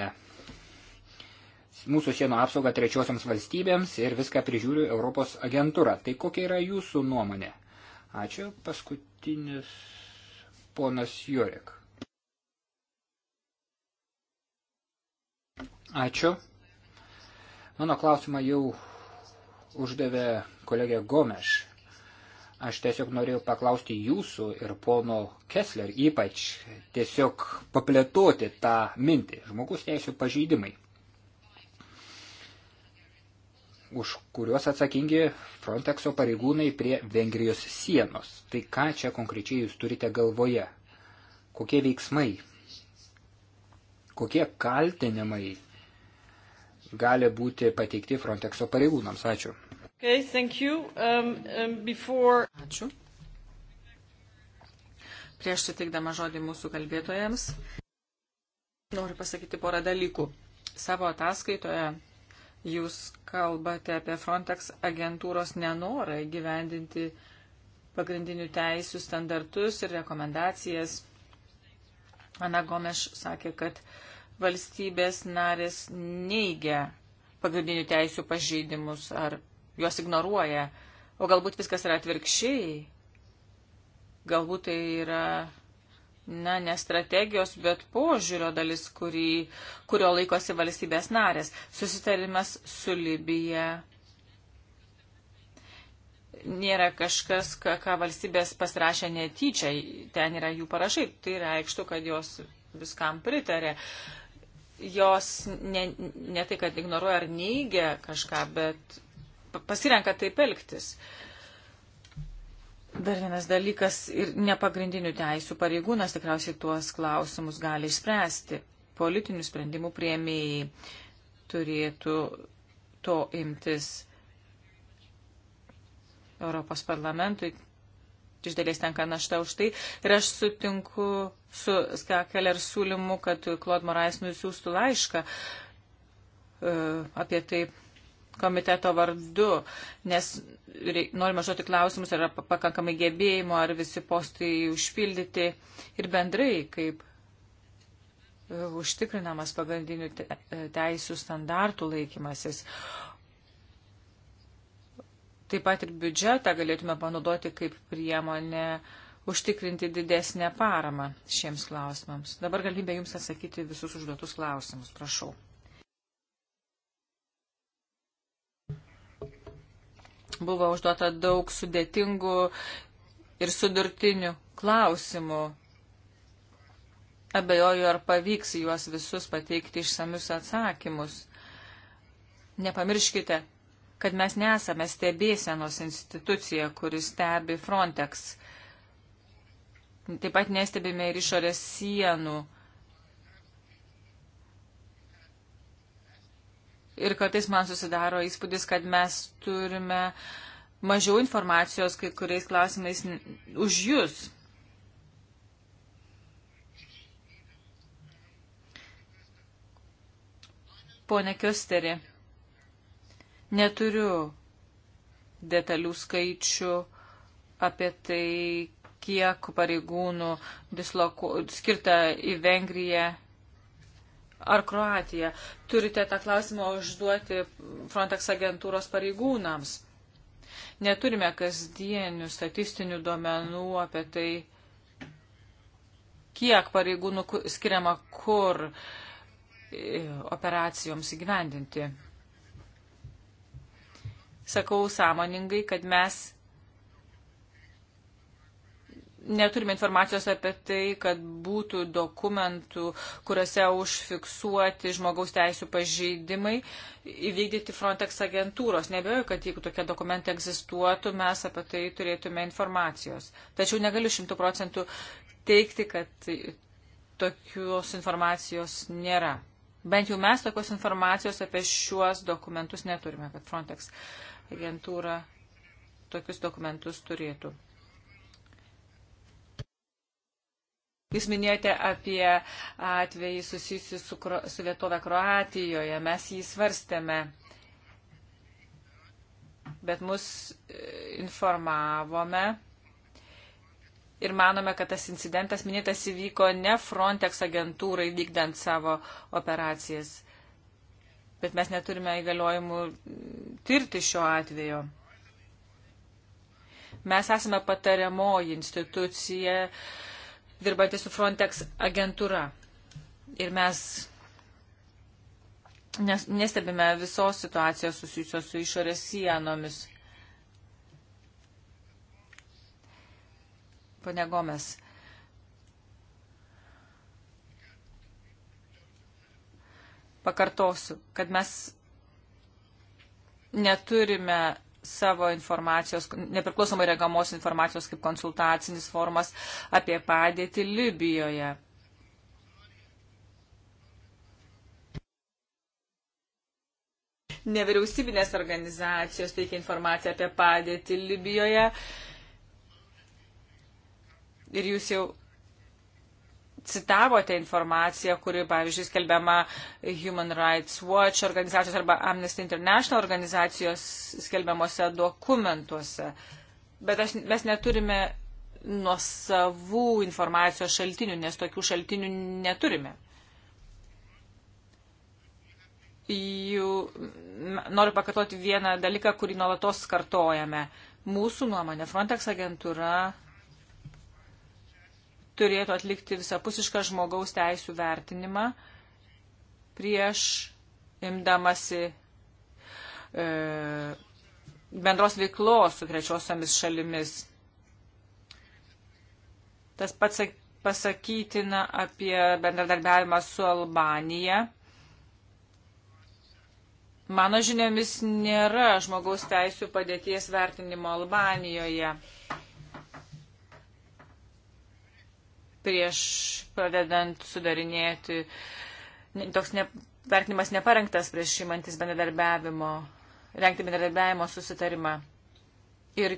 mūsų sienų apsaugą trečiosiams valstybėms ir viską prižiūri Europos agentūra. Tai kokia yra jūsų nuomonė? Ačiū. Paskutinis ponas Jurek. Ačiū. Mano klausimą jau uždavė kolegė Gomeš. Aš tiesiog norėjau paklausti jūsų ir pono Kessler ypač tiesiog paplėtoti tą mintį žmogus teisų pažeidimai, už kuriuos atsakingi Frontexo pareigūnai prie Vengrijos sienos. Tai ką čia konkrečiai jūs turite galvoje? Kokie veiksmai? Kokie kaltinimai gali būti pateikti Frontexo pareigūnams? Ačiū. Okay, thank you. Um, um, before... Ačiū. Prieš sutikdama žodį mūsų kalbėtojams, noriu pasakyti porą dalykų. Savo ataskaitoje jūs kalbate apie Frontex agentūros nenorą gyvendinti pagrindinių teisių standartus ir rekomendacijas. Ana Gomeš sakė, kad valstybės narės neigia pagrindinių teisių pažeidimus ar juos ignoruoja. O galbūt viskas yra atvirkščiai. Galbūt tai yra, na, ne strategijos, bet požiūrio dalis, kurį, kurio laikosi valstybės narės. Susitarimas su Libija nėra kažkas, ką, ką valstybės pasirašė netyčia, ten yra jų parašai, tai reikštų, kad jos viskam pritarė. Jos ne, ne tai, kad ignoruoja ar neigia kažką, bet pasirenka taip elgtis. Dar vienas dalykas ir nepagrindinių teisų pareigūnas tikriausiai tuos klausimus gali išspręsti. Politinių sprendimų prieimėjai turėtų to imtis Europos parlamentui. Iš dalies tenka našta už tai. Ir aš sutinku su Skakeler siūlymu, kad Klod Morais nusiųstų laišką e, apie tai komiteto vardu, nes norime žodžiu klausimus, ar pakankamai gebėjimo, ar visi postai užpildyti ir bendrai, kaip e, užtikrinamas pagrindinių e, teisų standartų laikymasis. Taip pat ir biudžetą galėtume panaudoti kaip priemonę užtikrinti didesnę paramą šiems klausimams. Dabar galime Jums atsakyti visus užduotus klausimus. Prašau. buvo užduota daug sudėtingų ir sudurtinių klausimų. Abejoju, ar pavyks juos visus pateikti išsamius atsakymus. Nepamirškite, kad mes nesame stebėsenos institucija, kuris stebi Frontex. Taip pat nestebime ir išorės sienų ir kartais man susidaro įspūdis, kad mes turime mažiau informacijos kai kuriais klausimais už jūs. Pone Kjosteri, neturiu detalių skaičių apie tai, kiek pareigūnų disloku, skirta į Vengriją ar Kroatija. Turite tą klausimą užduoti Frontex agentūros pareigūnams. Neturime kasdienių statistinių duomenų apie tai, kiek pareigūnų skiriama kur e, operacijoms įgyvendinti. Sakau sąmoningai, kad mes neturime informacijos apie tai, kad būtų dokumentų, kuriuose užfiksuoti žmogaus teisų pažeidimai įvykdyti Frontex agentūros. Nebejoju, kad jeigu tokie dokumentai egzistuotų, mes apie tai turėtume informacijos. Tačiau negaliu šimtų procentų teikti, kad tokios informacijos nėra. Bent jau mes tokios informacijos apie šiuos dokumentus neturime, kad Frontex agentūra tokius dokumentus turėtų. Jūs minėjote apie atvejį susijusi su, su vietove Kroatijoje. Mes jį svarstėme, bet mus e, informavome ir manome, kad tas incidentas minėtas įvyko ne Frontex agentūrai vykdant savo operacijas. Bet mes neturime įgaliojimų tirti šio atveju mes esame patariamoji institucija dirbate su Frontex agentūra. Ir mes nes, nestebime visos situacijos susijusios su išorės sienomis. Pane Gomes. Pakartosiu, kad mes neturime savo informacijos, nepriklausomai regamos informacijos kaip konsultacinis formas apie padėtį Libijoje. Nevyriausybinės organizacijos teikia informaciją apie padėtį Libijoje. Ir jūs jau citavote informaciją, kuri, pavyzdžiui, skelbiama Human Rights Watch organizacijos arba Amnesty International organizacijos skelbiamuose dokumentuose. Bet aš, mes neturime nuo savų informacijos šaltinių, nes tokių šaltinių neturime. Jų, noriu pakartoti vieną dalyką, kurį nuolatos kartojame. Mūsų nuomonė, Frontex agentūra turėtų atlikti visapusišką žmogaus teisų vertinimą prieš imdamasi e, bendros veiklos su trečiosiomis šalimis. Tas pats pasakytina apie bendradarbiavimą su Albanija. Mano žiniomis nėra žmogaus teisų padėties vertinimo Albanijoje. prieš pradedant sudarinėti. Toks ne, vertinimas neparengtas prieš imantis bendradarbiavimo, rengti bendradarbiavimo susitarimą. Ir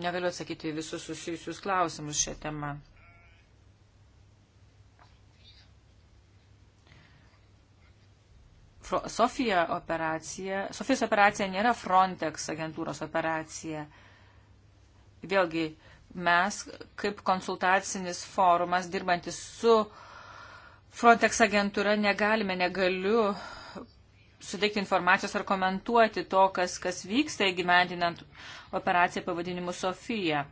negaliu atsakyti visus susijusius klausimus šią temą. Sofija operacija, Sofijos operacija nėra Frontex agentūros operacija. Vėlgi, mes kaip konsultacinis forumas dirbantis su Frontex agentūra negalime, negaliu suteikti informacijos ar komentuoti to, kas, kas vyksta įgyvendinant operaciją pavadinimu Sofija.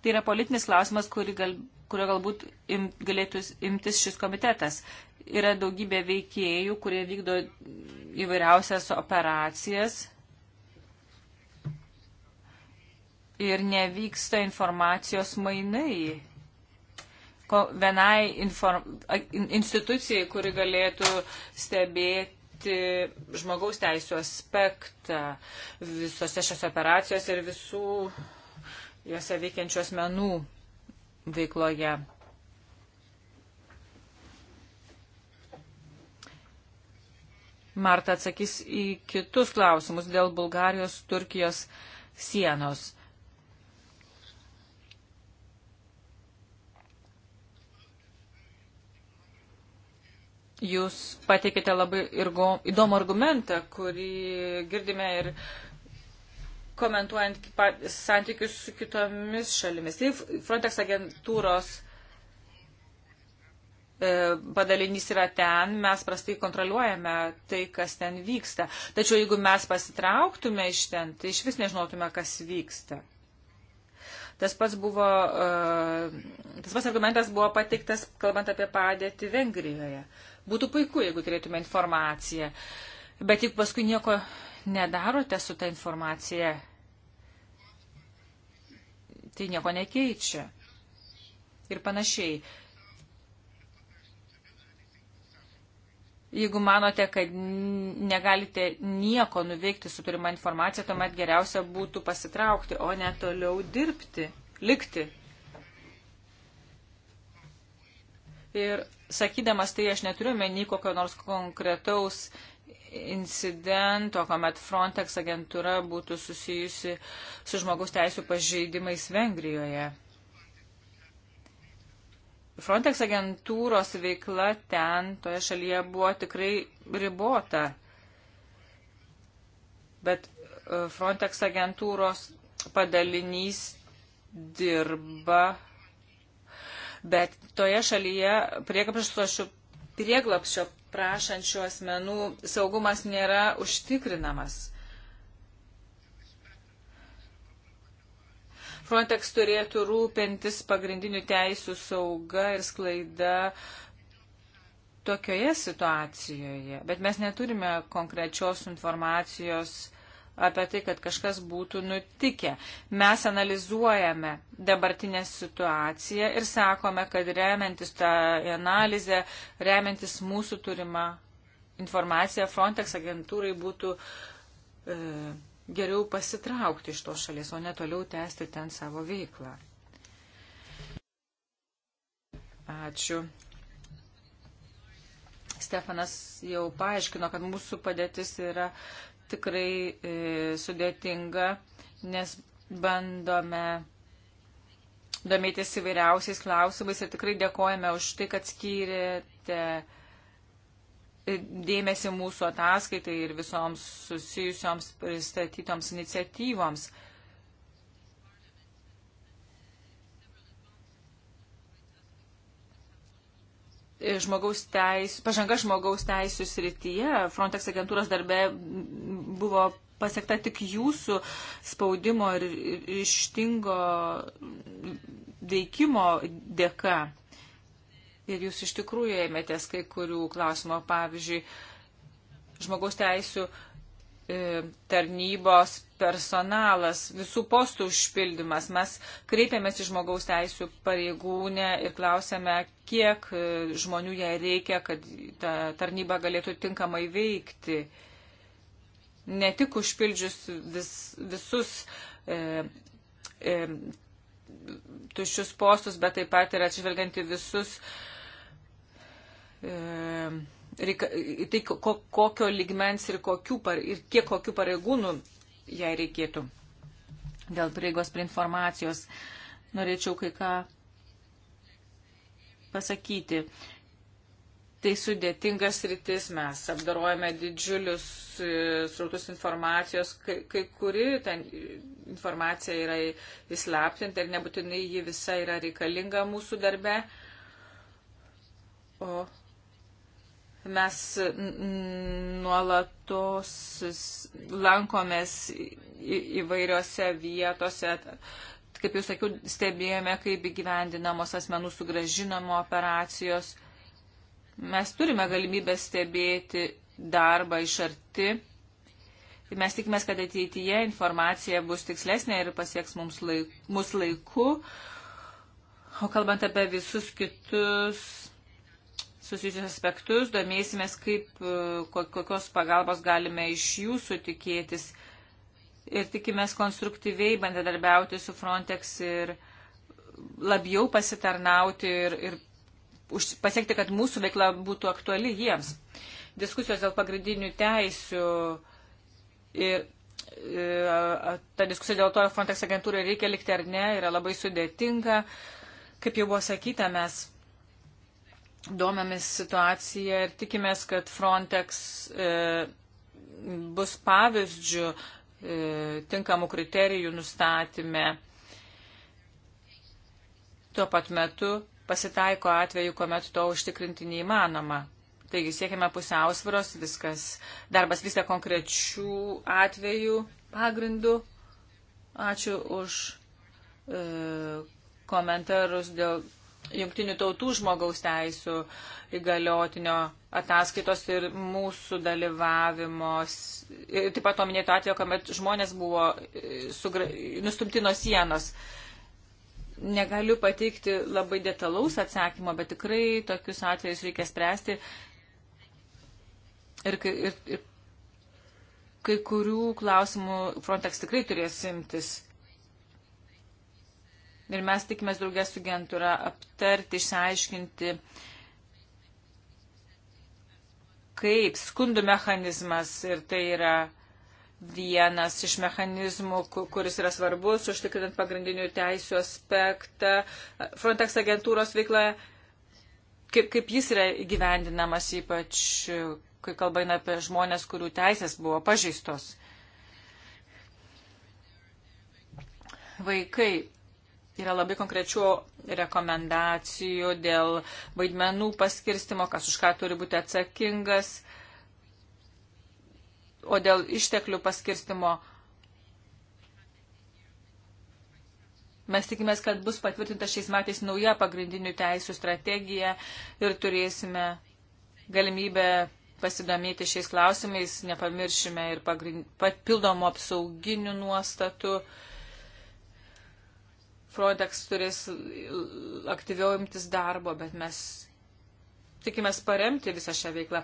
Tai yra politinis klausimas, kuri gal, kurio galbūt im, galėtų imtis šis komitetas. Yra daugybė veikėjų, kurie vykdo įvairiausias operacijas ir nevyksta informacijos mainai. Ko vienai inform, institucijai, kuri galėtų stebėti žmogaus teisų aspektą visose šios operacijos ir visų juose veikiančių asmenų veikloje. Marta atsakys į kitus klausimus dėl Bulgarijos-Turkijos sienos. Jūs pateikėte labai irgo, įdomų argumentą, kurį girdime ir komentuojant santykius su kitomis šalimis. Tai Frontex agentūros e, padalinys yra ten, mes prastai kontroliuojame tai, kas ten vyksta. Tačiau jeigu mes pasitrauktume iš ten, tai iš vis nežinotume, kas vyksta. Tas pats, buvo, e, tas pats argumentas buvo pateiktas, kalbant apie padėtį Vengrijoje. Uh, Būtų puiku, jeigu turėtume informaciją. Bet juk paskui nieko nedarote su ta informacija, tai nieko nekeičia. Ir panašiai. Jeigu manote, kad negalite nieko nuveikti su turima informacija, tuomet geriausia būtų pasitraukti, o ne toliau dirbti, likti. Ir sakydamas tai aš neturiu meni kokio nors konkretaus incidento, kuomet Frontex agentūra būtų susijusi su žmogaus teisų pažeidimais Vengrijoje. Frontex agentūros veikla ten, toje šalyje buvo tikrai ribota. Bet e, Frontex agentūros padalinys dirba bet toje šalyje prieglapščio prašančių asmenų saugumas nėra užtikrinamas. Frontex turėtų rūpintis pagrindinių teisų sauga ir sklaida tokioje situacijoje, bet mes neturime konkrečios informacijos apie tai, kad kažkas būtų nutikę. Mes analizuojame dabartinę situaciją ir sakome, kad remiantis tą analizę, remiantis mūsų turimą informaciją, Frontex agentūrai būtų e, geriau pasitraukti iš tos šalies, o ne toliau tęsti ten savo veiklą. Ačiū. Stefanas jau paaiškino, kad mūsų padėtis yra tikrai e, sudėtinga, nes bandome domėtis įvairiausiais klausimais ir tikrai dėkojame už tai, kad skyrėte e, dėmesį mūsų ataskaitai ir visoms susijusioms pristatytoms iniciatyvoms. E, žmogaus teis, pažanga žmogaus teisų srityje. Frontex agentūros darbe buvo pasiekta tik jūsų spaudimo ir ryštingo veikimo dėka. Ir jūs iš tikrųjų ėmėtės kai kurių klausimų, pavyzdžiui, žmogaus teisų uh, E, tarnybos personalas, visų postų užpildymas. Mes kreipiamės į žmogaus teisų pareigūnę ir klausėme, kiek e, žmonių jai reikia, kad ta tarnyba galėtų tinkamai veikti. Ne tik užpildžius vis, visus e, e, tuščius postus, bet taip pat ir atžvelgianti visus. E, reika, tai ko, kokio ligmens ir, kokių, ir kiek kokių pareigūnų jai reikėtų. Dėl prieigos prie informacijos norėčiau kai ką pasakyti. Tai sudėtingas rytis, mes apdarojame didžiulius e, srautus informacijos, kai, kai kuri ten informacija yra įslaptinta ir nebūtinai ji visa yra reikalinga mūsų darbe. O Mes nuolatos lankomės įvairiose vietose. Kaip jau sakiau, stebėjome, kaip įgyvendinamos asmenų sugražinamo operacijos. Mes turime galimybę stebėti darbą iš arti. Mes tikimės, kad ateityje informacija bus tikslesnė ir pasieks mums laik, mus laiku. O kalbant apie visus kitus susijusius aspektus, domėsimės, kaip, e, kokios pagalbos galime iš jūsų tikėtis ir tikimės konstruktyviai bandadarbiauti su Frontex ir labiau pasitarnauti ir, ir pasiekti, kad mūsų veikla būtų aktuali jiems. Diskusijos dėl pagrindinių teisių ir e, ta diskusija dėl to, ar Frontex agentūrai reikia likti ar ne, yra labai sudėtinga. Kaip jau buvo sakyta, mes domėmis situaciją ir tikimės, kad Frontex e, bus pavyzdžių e, tinkamų kriterijų nustatymė. Tuo pat metu pasitaiko atveju, kuomet to užtikrinti neįmanoma. Taigi siekime pusiausvėros, viskas, darbas vyksta konkrečių atvejų pagrindų. Ačiū už e, komentarus dėl Junktinių tautų žmogaus teisų įgaliotinio ataskaitos ir mūsų dalyvavimos. Ir taip pat to minėto atveju, kuomet žmonės buvo e, sugra... nustumti nuo sienos. Negaliu pateikti labai detalaus atsakymo, bet tikrai tokius atvejus reikia spręsti. Ir, ir, ir kai kurių klausimų Frontex tikrai turės imtis. Ir mes tikimės draugės su agentūra aptarti, išsiaiškinti, kaip skundų mechanizmas ir tai yra vienas iš mechanizmų, kuris yra svarbus, užtikrinant pagrindinių teisų aspektą. Frontex agentūros veikla, kaip, kaip jis yra gyvendinamas, ypač kai kalba eina apie žmonės, kurių teisės buvo pažeistos. Vaikai yra labai konkrečių rekomendacijų dėl vaidmenų paskirstimo, kas už ką turi būti atsakingas, o dėl išteklių paskirstimo. Mes tikimės, kad bus patvirtinta šiais metais nauja pagrindinių teisų strategija ir turėsime galimybę pasidomėti šiais klausimais, nepamiršime ir papildomų apsauginių nuostatų. Uh, Frontex turės aktyviau imtis darbo, bet mes tikimės paremti visą šią veiklą.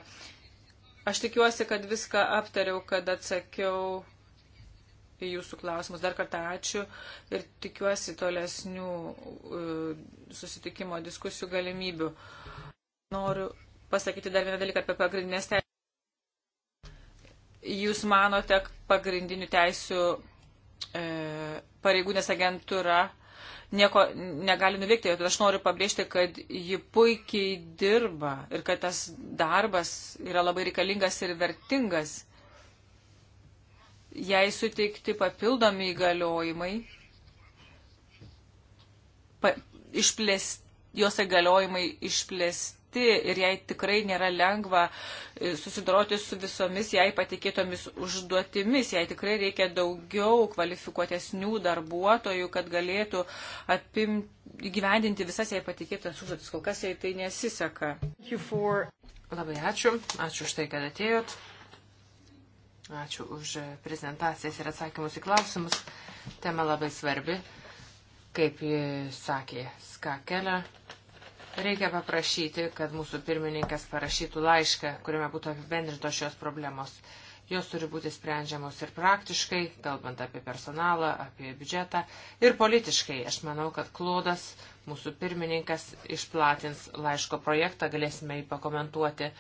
Aš tikiuosi, kad viską aptariau, kad atsakiau į jūsų klausimus. Dar kartą ačiū ir tikiuosi tolesnių e, susitikimo diskusijų galimybių. Noriu pasakyti dar vieną dalyką apie pagrindinės teisės. Jūs manote, pagrindinių teisų e, pareigūnės agentūra e, nieko negali nuveikti. Ir aš noriu pabrėžti, kad ji puikiai dirba ir kad tas darbas yra labai reikalingas ir vertingas. Jei suteikti papildomi įgaliojimai, pa, išplės, jos įgaliojimai išplės, pati ir jai tikrai nėra lengva e, susidoroti su visomis jai patikėtomis užduotimis. Jai tikrai reikia daugiau kvalifikuotesnių darbuotojų, kad galėtų apimti, gyvendinti visas jai patikėtas užduotis. Kol kas jai tai nesiseka. For... Labai ačiū. Ačiū už tai, kad atėjot. Ačiū už prezentacijas ir atsakymus į klausimus. Tema labai svarbi, kaip sakė Skakelė. Reikia paprašyti, kad mūsų pirmininkas parašytų laišką, kuriame būtų apibendrintos šios problemos. Jos turi būti sprendžiamos ir praktiškai, kalbant apie personalą, apie biudžetą, ir politiškai. Aš manau, kad Klodas, mūsų pirmininkas, išplatins laiško projektą, galėsime jį pakomentuoti.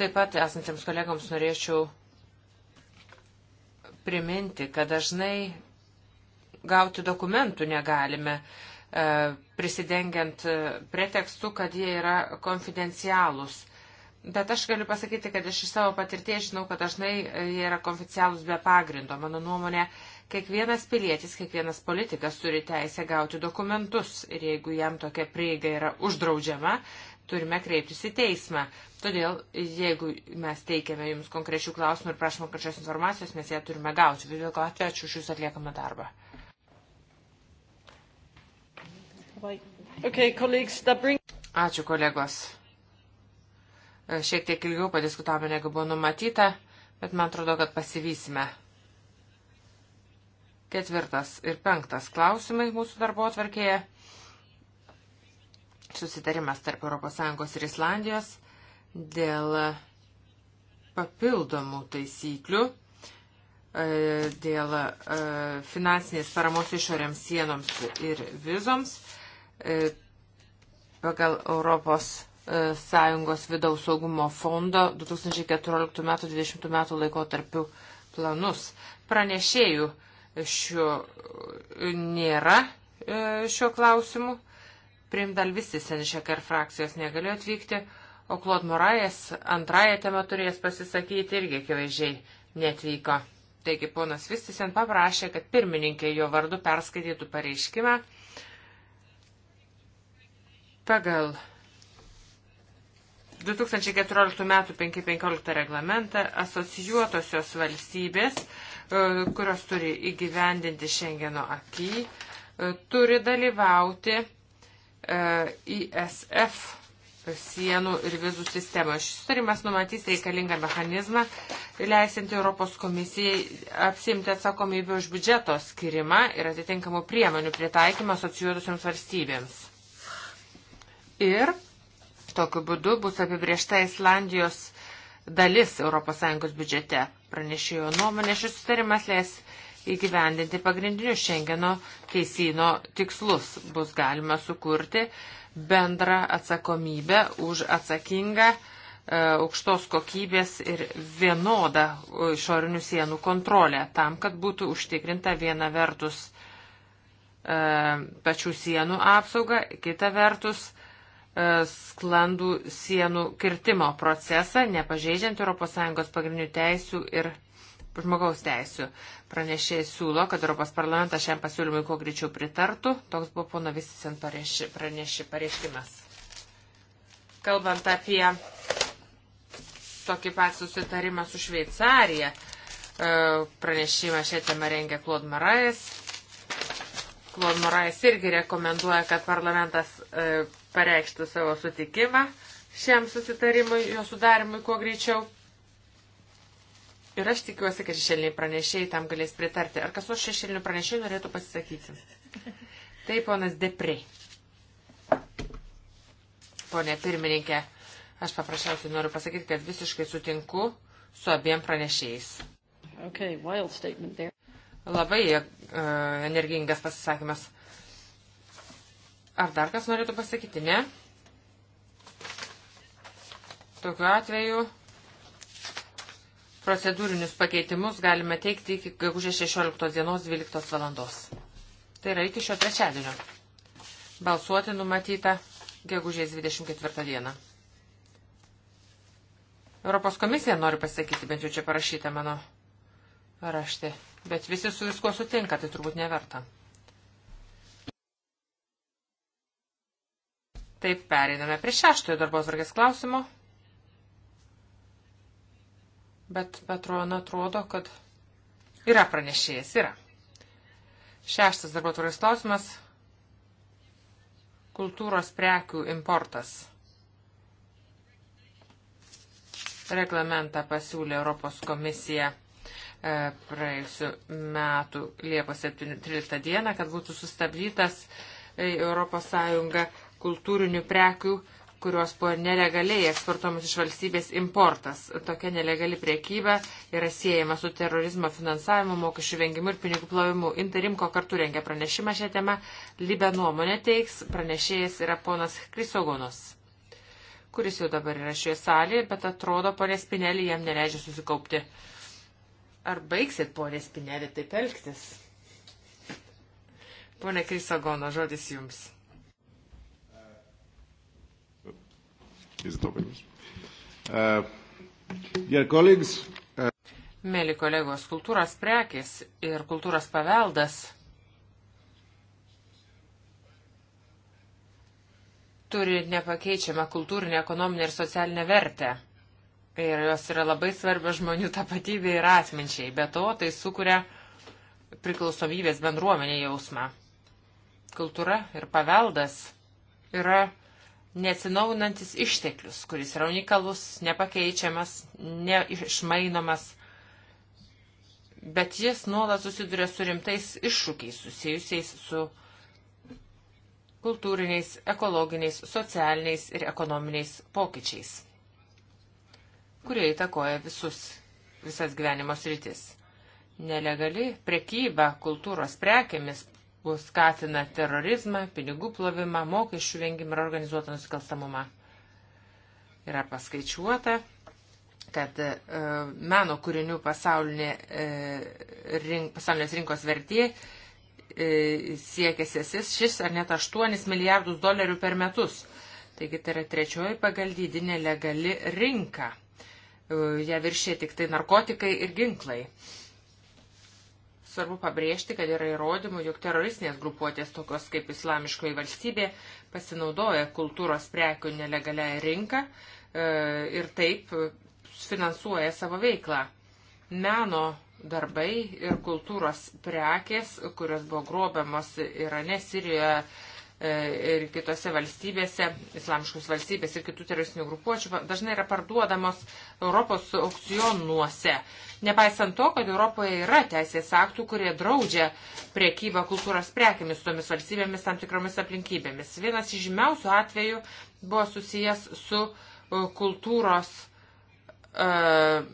Taip pat esantiems kolegams norėčiau priminti, kad dažnai gauti dokumentų negalime. Uh, E, prisidengiant pretekstu, kad jie yra konfidencialūs. Bet aš galiu pasakyti, kad aš iš savo patirties žinau, kad dažnai jie yra konfidencialūs be pagrindo. Mano nuomonė, kiekvienas pilietis, kiekvienas politikas turi teisę gauti dokumentus ir jeigu jam tokia prieiga yra uždraudžiama, turime kreiptis į teismą. Todėl, jeigu mes teikiame jums konkrečių klausimų ir prašome konkrečios informacijos, mes ją turime gauti. Vis dėlto ačiū už jūsų atliekamą darbą. Ačiū kolegos. E, šiek tiek ilgiau padiskutavome, negu buvo numatyta, bet man atrodo, kad pasivysime. Ketvirtas ir penktas klausimai mūsų darbo atvarkėje. Susitarimas tarp ES ir Islandijos dėl papildomų taisyklių e, dėl e, finansinės paramos išorėms sienoms ir vizoms E, pagal Europos e, Sąjungos vidaus saugumo fondo 2014 m. 20 m. laikotarpių planus. Pranešėjų šio e, nėra šio klausimu. Primdal visi Senišek ir frakcijos negalėjo atvykti, o Klod Morajas antrąją temą turės pasisakyti irgi akivaizdžiai netvyko. Taigi ponas Vistisen paprašė, kad pirmininkė jo vardu perskaitytų pareiškimą Pagal 2014 m. 515 reglamentą asocijuotosios valstybės, e, kurios turi įgyvendinti Šengeno akį, e, turi dalyvauti e, ISF sienų ir vizų sistemoje. Šis sutarimas numatys reikalingą mechanizmą, leisinti Europos komisijai apsimti atsakomybę už biudžeto skirimą ir atitinkamų priemonių pritaikymą asociuotusiams valstybėms ir tokiu būdu bus apibriešta Islandijos dalis ES biudžete. Pranešėjo nuomonė šis sutarimas leis įgyvendinti pagrindinius Šengeno teisino tikslus. Bus galima sukurti bendrą atsakomybę už atsakingą e, aukštos kokybės ir vienodą išorinių sienų kontrolę, tam, kad būtų užtikrinta viena vertus e, pačių sienų apsauga, kita vertus E, sklandų sienų kirtimo procesą, nepažeidžiant ES pagrindinių teisių ir žmogaus teisių. Pranešėjai siūlo, kad Europos parlamentas šiam pasiūlymui kuo greičiau pritartų. Toks buvo pono Visisen praneši, pareiškimas. Kalbant apie tokį pat susitarimą su Šveicarija, e, pranešimą šią temą rengia Claude Marais. Claude Marais irgi rekomenduoja, kad parlamentas e, pareikštų savo sutikimą šiam susitarimui, jo sudarimui kuo greičiau. Ir aš tikiuosi, kad šešėliniai pranešėjai tam galės pritarti. Ar kas nors šešėlinių pranešėjų norėtų pasisakyti? Tai ponas Depri. Pone pirmininkė, aš paprasčiausiai noriu pasakyti, kad visiškai sutinku su abiem pranešėjais. Okay, Labai uh, energingas pasisakymas. Uh, Ar dar kas norėtų pasakyti? Ne? Tokiu atveju procedūrinius pakeitimus galime teikti iki gegužės 16 dienos 12 valandos. Tai yra iki šio trečiadienio. Balsuoti numatyta gegužės 24 dieną. Europos komisija nori pasakyti, bent jau čia parašyta mano rašte. Bet visi su viskuo sutinka, tai turbūt neverta. Taip, pereiname prie šeštojo darbos vargės klausimo. Bet Petrona atrodo, kad yra pranešėjas, yra. Šeštas darbo tvarkės klausimas - kultūros prekių importas. Reglamentą pasiūlė Europos komisija e, praėjusiu metu Liepos 13 dieną, kad būtų sustabdytas e, Europos Sąjunga kultūrinių prekių, kurios buvo nelegaliai eksportuomas iš valstybės importas. Tokia nelegali priekyba yra siejama su terorizmo finansavimu, mokesčių vengimu ir pinigų plovimu. Interimko kartu rengia pranešimą šią temą. Libė nuomonė teiks, pranešėjas yra ponas Krisogonos, kuris jau dabar yra šioje salėje, bet atrodo, ponė Spinelį jam neleidžia susikaupti. Ar baigsit, ponė Spinelį, taip elgtis? Pone Krisogono, žodis jums. is Dobelis. Uh, dear colleagues. Uh... Mėly kolegos, kultūros prekis ir kultūros paveldas turi nepakeičiamą kultūrinę, ekonominę ir socialinę vertę. Ir jos yra labai svarbios žmonių tapatybei ir atminčiai. Be to, tai sukuria priklausomybės bendruomenė jausmą. Kultūra ir paveldas yra neatsinaujinantis išteklius, kuris yra unikalus, nepakeičiamas, neišmainomas, bet jis nuolat susiduria su rimtais iššūkiais susijusiais su kultūriniais, ekologiniais, socialiniais ir ekonominiais pokyčiais, kurie įtakoja visus, visas gyvenimo sritis. Nelegali prekyba kultūros prekėmis skatina terorizmą, pinigų plovimą, mokesčių vengimą ir organizuotą nusikalstamumą. Yra paskaičiuota, kad e, meno kūrinių pasaulinė, e, rink, pasaulinės rinkos vertė e, siekia sesis šis ar net 8 milijardus dolerių per metus. Taigi tai yra trečioji pagal dydį nelegali rinka. E, ją viršė tik tai narkotikai ir ginklai. E, Svarbu pabrėžti, kad yra įrodymų, jog teroristinės grupuotės tokios kaip islamiškoji valstybė pasinaudoja kultūros prekių nelegalią rinką e, ir taip finansuoja savo veiklą. Meno darbai ir kultūros prekės, kurios buvo grobiamos Irane, Sirijoje, E, ir kitose valstybėse, islamiškos valstybės ir kitų teroristinių grupuočių dažnai yra parduodamos Europos aukcionuose. Nepaisant to, kad Europoje yra teisės aktų, kurie draudžia priekybą kultūros prekiamis su tomis valstybėmis tam tikromis aplinkybėmis. Vienas iš žymiausių atvejų buvo susijęs su e, kultūros uh,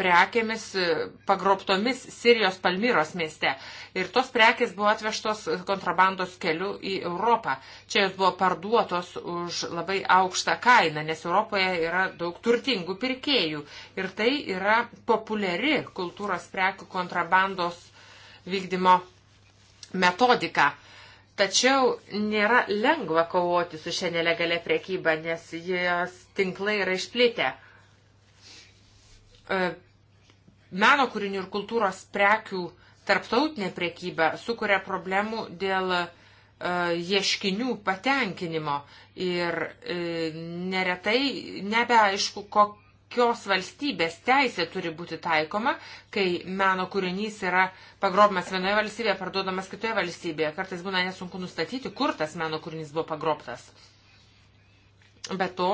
prekėmis e, pagrobtomis Sirijos Palmyros mieste. Ir tos prekės buvo atvežtos kontrabandos keliu į Europą. Čia jos buvo parduotos už labai aukštą kainą, nes Europoje yra daug turtingų pirkėjų. Ir tai yra populiari kultūros prekių kontrabandos vykdymo metodika. Tačiau nėra lengva kovoti su šia nelegalia prekyba, nes jos tinklai yra išplitę e, meno kūrinių ir kultūros prekių tarptautinė priekyba sukuria problemų dėl e, ieškinių patenkinimo ir e, neretai nebeaišku, kokios valstybės teisė turi būti taikoma, kai meno kūrinys yra pagrobimas vienoje valstybėje, parduodamas kitoje valstybėje. Kartais būna nesunku nustatyti, kur tas meno kūrinys buvo pagrobtas. Be to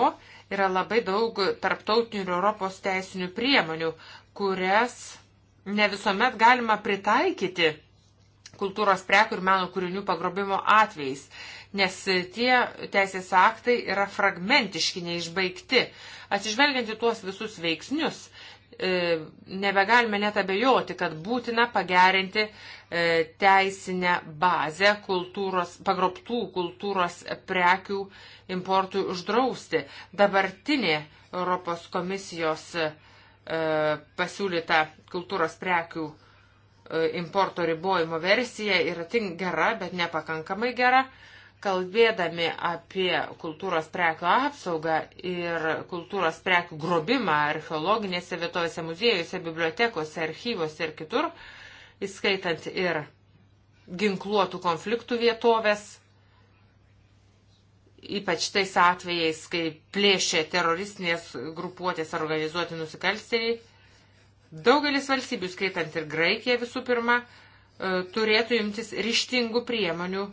yra labai daug tarptautinių ir Europos teisinių priemonių, kurias ne visuomet galima pritaikyti kultūros prekių ir meno kūrinių pagrobimo atvejais, nes tie teisės aktai yra fragmentiški, neišbaigti. Atsižvelgiant į tuos visus veiksnius, e, nebegalime net abejoti, kad būtina pagerinti e, teisinę bazę kultūros, pagrobtų kultūros prekių importui uždrausti. Dabartinė Europos komisijos uh, E, pasiūlyta kultūros prekių e, importo ribojimo versija yra tik gera, bet nepakankamai gera. Kalbėdami apie kultūros prekių apsaugą ir kultūros prekių grobimą archeologinėse vietovėse, muziejose, bibliotekose, archyvose ir kitur, įskaitant ir ginkluotų konfliktų vietovės, ypač tais atvejais, kai plėšia teroristinės grupuotės organizuoti nusikalstėliai, daugelis valstybių, skaitant ir Graikiją visų pirma, e, turėtų imtis ryštingų priemonių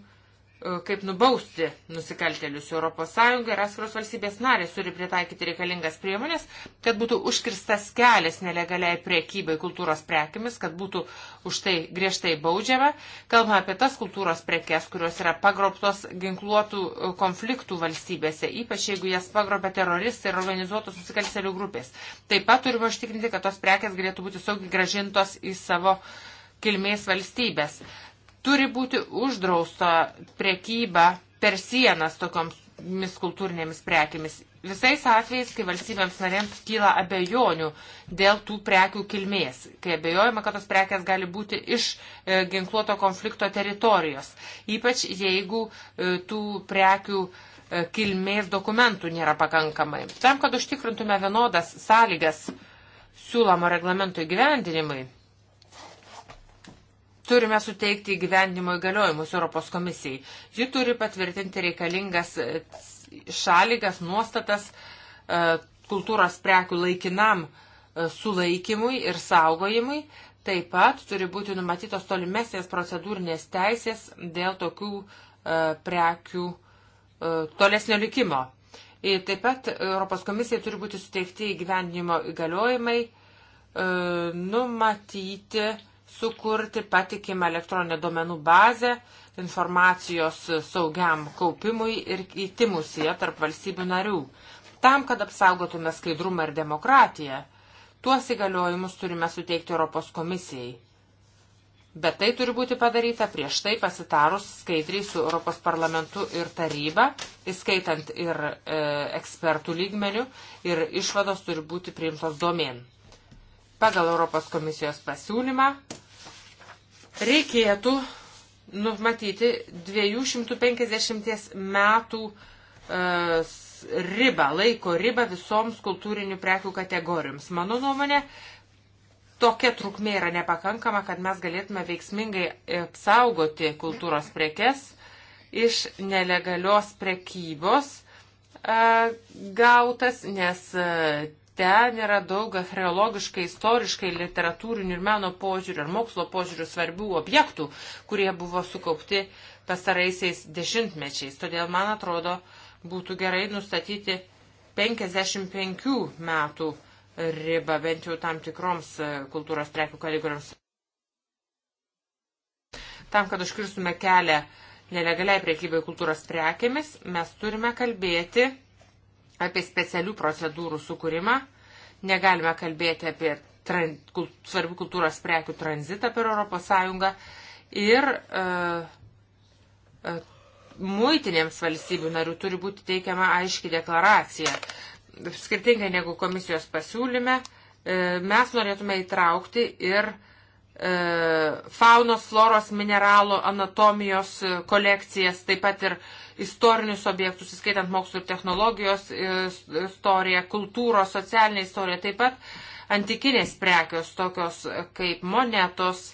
E, kaip nubausti nusikaltelius. ES ir atskiros valstybės narės turi pritaikyti reikalingas priemonės, kad būtų užkirstas kelias nelegaliai priekybai kultūros prekiamis, kad būtų už tai griežtai baudžiama. Kalbame apie tas kultūros prekes, kurios yra pagroptos ginkluotų e, konfliktų valstybėse, ypač jeigu jas pagrobia teroristai ir organizuotos nusikaltelių grupės. Taip pat turime užtikrinti, kad tos prekes galėtų būti saugiai gražintos į savo kilmės valstybės. Turi būti uždrausta prekyba per sienas tokiomis kultūrinėmis prekiamis. Visais atvejais, kai valstybėms narėms kyla abejonių dėl tų prekių kilmės, kai abejojama, kad tos prekės gali būti iš e, ginkluoto konflikto teritorijos, ypač jeigu e, tų prekių e, kilmės dokumentų nėra pakankamai. Tam, kad užtikrintume vienodas sąlygas siūlomo reglamento įgyvendinimui, turime suteikti įgyvendimo įgaliojimus Europos komisijai. Ji turi patvirtinti reikalingas šaligas e, nuostatas e, kultūros prekių laikinam e, sulaikymui ir saugojimui. Taip pat turi būti numatytos tolimesnės procedūrinės teisės dėl tokių prekių tolesnio likimo. Ir taip pat Europos komisijai turi būti suteikti įgyvendinimo įgaliojimai numatyti sukurti patikimą elektroninę duomenų bazę informacijos saugiam kaupimui ir įtimusie tarp valstybių narių. Tam, kad apsaugotume skaidrumą ir demokratiją, tuos įgaliojimus turime suteikti Europos komisijai. Bet tai turi būti padaryta prieš tai pasitarus skaidriai su Europos parlamentu ir taryba, įskaitant ir e, ekspertų lygmenių, ir išvados turi būti priimtos domen pagal Europos komisijos pasiūlymą reikėtų numatyti 250 metų e, ribą, laiko ribą visoms kultūrinių prekių kategorijoms. Mano nuomonė, tokia trukmė yra nepakankama, kad mes galėtume veiksmingai apsaugoti kultūros prekes iš nelegalios prekybos e, gautas, nes e, Ten yra daug archeologiškai, istoriškai, literatūrinių ir meno požiūrių ir mokslo požiūrių svarbių objektų, kurie buvo sukaupti pastaraisiais dešimtmečiais. Todėl, man atrodo, būtų gerai nustatyti 55 metų ribą bent jau tam tikroms e, kultūros prekių kategorijoms. Tam, kad užkirstume kelią nelegaliai priekybai kultūros prekėmis, mes turime kalbėti apie specialių procedūrų sukūrimą. Negalime kalbėti apie tran, kult, svarbių kultūros prekių tranzitą per ES ir uh, uh, muitinėms valstybių narių turi būti teikiama aiški deklaracija. Skirtingai negu komisijos pasiūlyme, uh, mes norėtume įtraukti ir uh, E, faunos, floros, mineralų, anatomijos e, kolekcijas, taip pat ir istorinius objektus, įskaitant mokslo ir technologijos istoriją, kultūros, socialinę istoriją, taip pat antikinės prekios, tokios kaip monetos, e,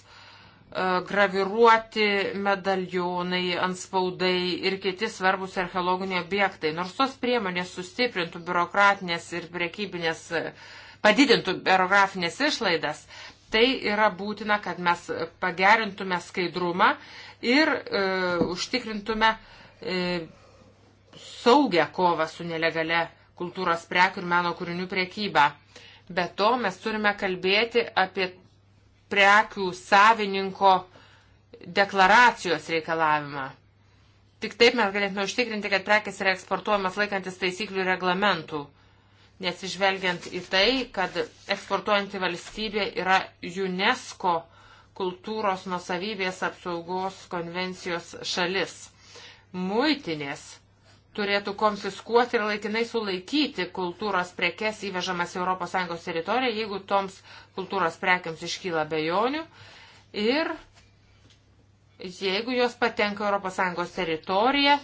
graviruoti medaljonai, anspaudai ir kiti svarbus archeologiniai objektai. Nors tos priemonės sustiprintų biurokratinės ir priekybinės padidintų biurokratinės išlaidas, Tai yra būtina, kad mes pagerintume skaidrumą ir e, užtikrintume e, saugę kovą su nelegale kultūros prekių ir meno kūrinių priekyba. Be to mes turime kalbėti apie prekių savininko deklaracijos reikalavimą. Tik taip mes galėtume užtikrinti, kad prekės yra eksportuojamas laikantis taisyklių reglamentų nesižvelgiant į tai, kad eksportuojanti valstybė yra UNESCO kultūros nusavybės apsaugos konvencijos šalis. Muitinės turėtų konfiskuoti ir laikinai sulaikyti kultūros prekes įvežamas ES teritoriją, jeigu toms kultūros prekiams iškyla bejonių ir jeigu jos patenka ES teritoriją,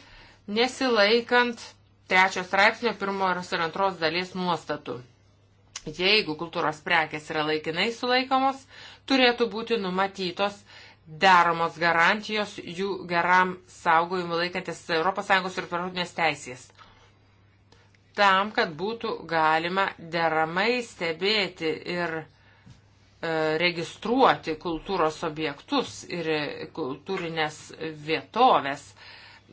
nesilaikant trečios straipsnio pirmos ir antros dalies nuostatų. Jeigu kultūros prekės yra laikinai sulaikomos, turėtų būti numatytos daromos garantijos jų geram saugojimui laikantis ES ir tarptautinės teisės. Tam, kad būtų galima deramai stebėti ir e, registruoti kultūros objektus ir kultūrinės vietovės, e,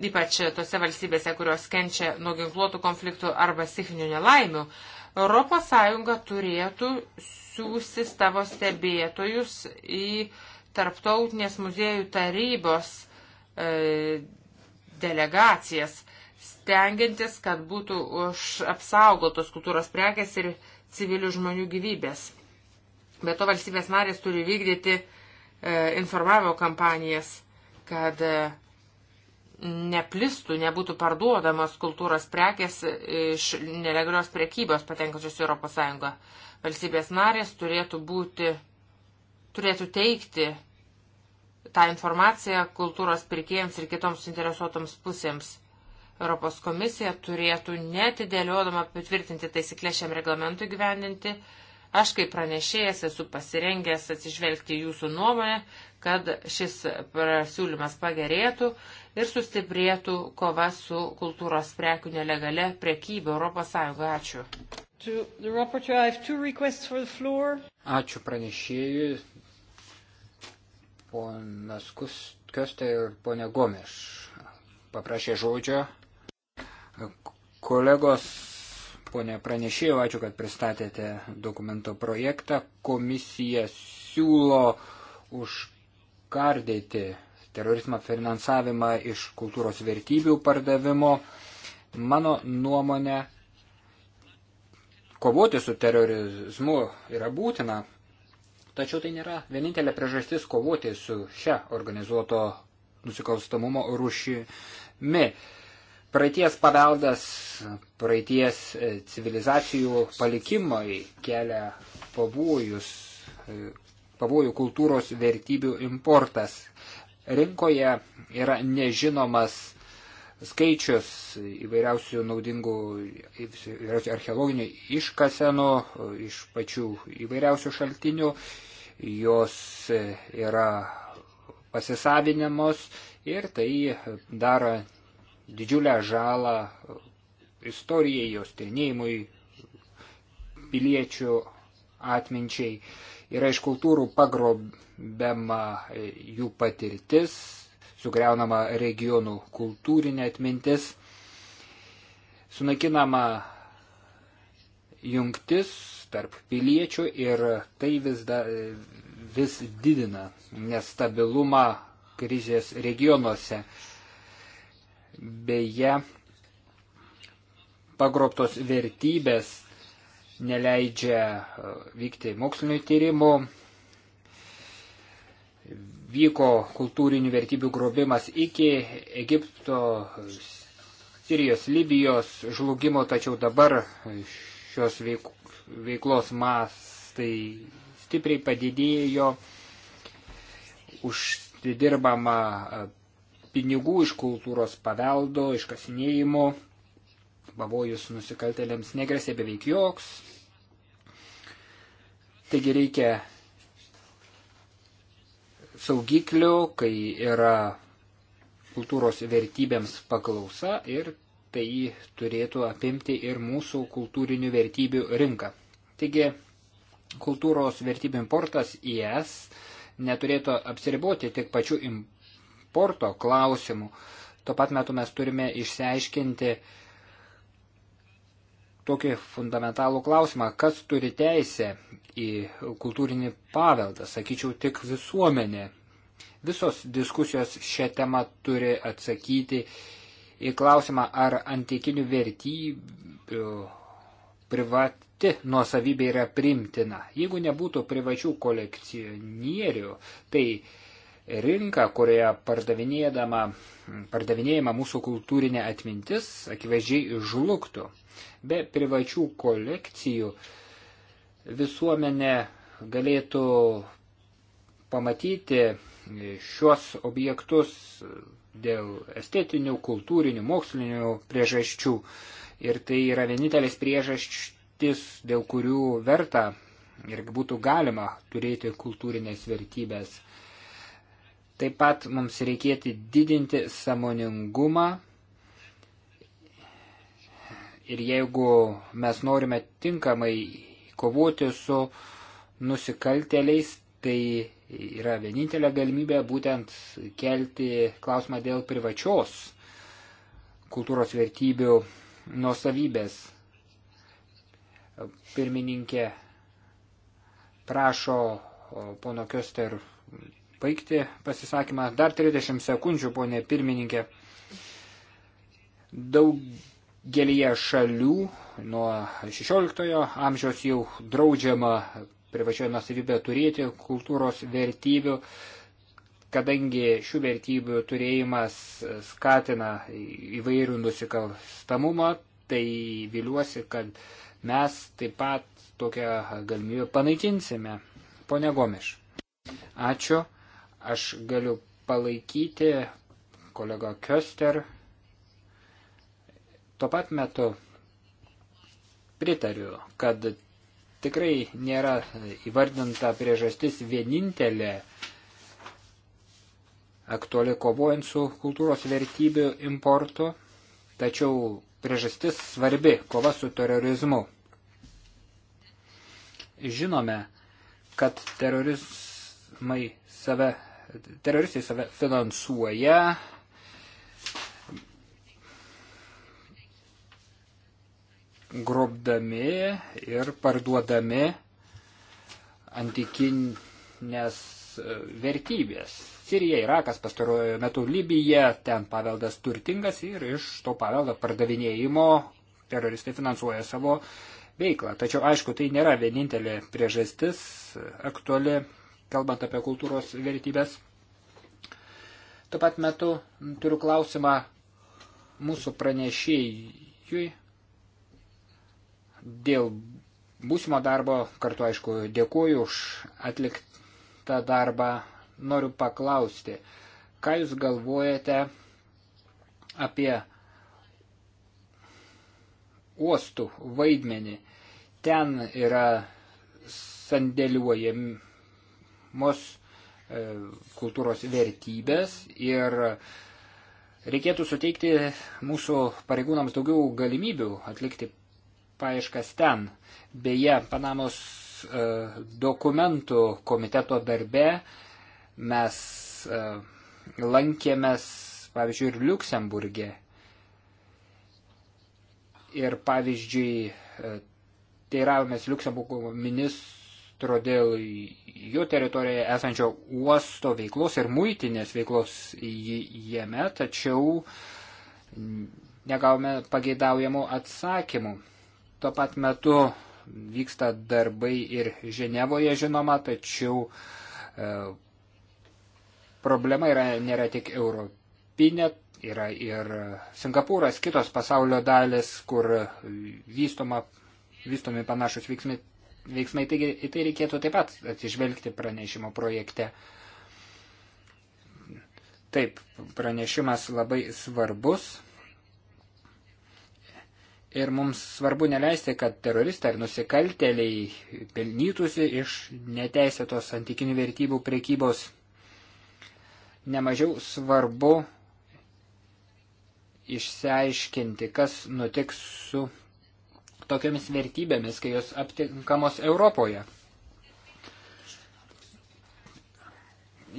ypač tose valstybėse, kurios kenčia nuo ginkluotų konfliktų arba stichinių nelaimių, ES turėtų siūsti savo stebėtojus į tarptautinės muziejų tarybos e, delegacijas, stengiantis, kad būtų už apsaugotos kultūros prekes ir civilių žmonių gyvybės. Be to valstybės narės turi vykdyti e, informavimo kampanijas, kad e, neplistų, nebūtų parduodamos kultūros prekės iš nelegalios prekybos patenkančios Europos Sąjungą. Valstybės narės turėtų būti, turėtų teikti tą informaciją kultūros pirkėjams ir kitoms interesuotoms pusėms. Europos komisija turėtų netidėliodama patvirtinti taisyklę šiam reglamentui gyvendinti. Aš kaip pranešėjas esu pasirengęs atsižvelgti jūsų nuomonę, kad šis pasiūlymas pagerėtų ir sustiprėtų kova su kultūros prekių nelegale prekyba ES. Ačiū. Ačiū pranešėjui, ponas Kostė ir ponė Gomeš. Paprašė žodžio. Kolegos, ponė pranešėjau, ačiū, kad pristatėte dokumento projektą. Komisija siūlo užkardyti terorizmą finansavimą iš kultūros vertybių pardavimo. Mano nuomonė, kovoti su terorizmu yra būtina, tačiau tai nėra vienintelė priežastis kovoti su šia organizuoto nusikalstamumo rušimi. Praeities paveldas, praeities e, civilizacijų palikimai kelia pavojus, e, pavojų kultūros vertybių importas. Rinkoje yra nežinomas skaičius įvairiausių naudingų įvairiausių archeologinių iškasenų iš pačių įvairiausių šaltinių. Jos yra pasisavinamos ir tai daro didžiulę žalą istorijai, jos tyrinėjimui, piliečių atminčiai yra iš kultūrų pagrobama e, jų patirtis, sugriaunama regionų kultūrinė atmintis, sunaikinama jungtis tarp piliečių ir tai vis, da, vis didina nestabilumą krizės regionuose. Beje, pagrobtos vertybės neleidžia e, vykti mokslinio tyrimų, vyko kultūrinių vertybių grobimas iki Egipto, Sirijos, Libijos žlugimo, tačiau dabar šios veiklos mastai stipriai padidėjo, uždirbama e, pinigų iš kultūros paveldo, iš kasinėjimo pavojus nusikaltėliams negresia beveik joks. Taigi reikia saugiklių, kai yra kultūros vertybėms paklausa ir tai turėtų apimti ir mūsų kultūrinių vertybių rinką. Taigi kultūros vertybių importas į ES neturėtų apsiriboti tik pačių importo klausimų. Tuo pat metu mes turime išsiaiškinti, tokį fundamentalų klausimą, kas turi teisę į kultūrinį paveldą, sakyčiau, tik visuomenė. Visos diskusijos šią temą turi atsakyti į klausimą, ar antikinių vertybių privati nuosavybė yra primtina. Jeigu nebūtų privačių kolekcionierių, tai rinką, kurioje pardavinėjama mūsų kultūrinė atmintis, akivaizdžiai žlugtų. Be privačių kolekcijų visuomenė galėtų pamatyti šiuos objektus dėl estetinių, kultūrinių, mokslinių priežasčių. Ir tai yra vienintelis priežastis, dėl kurių verta ir būtų galima turėti kultūrinės vertybės. Taip pat mums reikėtų didinti samoningumą ir jeigu mes norime tinkamai kovoti su nusikalteliais, tai yra vienintelė galimybė būtent kelti klausimą dėl privačios kultūros vertybių nuosavybės. Pirmininkė prašo pono Köster baigti pasisakymą. Dar 30 sekundžių, ponė pirmininkė. Daugelyje šalių nuo 16 amžiaus jau draudžiama privačioje nusavybė turėti kultūros vertybių, kadangi šių vertybių turėjimas skatina įvairių nusikalstamumą, tai viliuosi, kad mes taip pat tokią galimybę panaikinsime. Pone Gomiš. Ačiū. Aš galiu palaikyti kolegą Köster. Tuo pat metu pritariu, kad tikrai nėra įvardinta priežastis vienintelė aktuali kovojant su kultūros vertybių importu, tačiau priežastis svarbi - kova su terorizmu. Žinome, kad terorizmai save teroristai save finansuoja. grobdami ir parduodami antikinės e, vertybės. Sirija, Irakas pastaruoju metu Libija, ten paveldas turtingas ir iš to paveldo pardavinėjimo teroristai finansuoja savo veiklą. Tačiau, aišku, tai nėra vienintelė priežastis aktuali kalbant apie kultūros vertybės. Tuo pat metu turiu klausimą mūsų pranešėjui dėl būsimo darbo. Kartu, aišku, dėkuoju už atliktą darbą. Noriu paklausti, ką Jūs galvojate apie uostų vaidmenį. Ten yra sandėliuojami mus e, kultūros vertybės ir reikėtų suteikti mūsų pareigūnams daugiau galimybių atlikti paieškas ten. Beje, Panamos e, dokumentų komiteto darbe mes e, lankėmės, pavyzdžiui, ir Luksemburgė. Ir, pavyzdžiui, teiravomės Luksemburgo ministrų todėl jo teritorijoje esančio uosto veiklos ir muitinės veiklos jame, tačiau negavome pageidaujamų atsakymų. Tuo pat metu vyksta darbai ir Ženevoje žinoma, tačiau e, problema yra, nėra tik europinė, yra ir Singapūras, kitos pasaulio dalis, kur vystoma, vystomi panašus veiksmai veiksmai. Taigi į tai reikėtų taip pat atsižvelgti pranešimo projekte. Taip, pranešimas labai svarbus. Ir mums svarbu neleisti, kad teroristai ar nusikalteliai pelnytųsi iš neteisėtos antikinių vertybių prekybos. Nemažiau svarbu išsiaiškinti, kas nutiks su tokiamis vertybėmis, kai jos aptinkamos Europoje.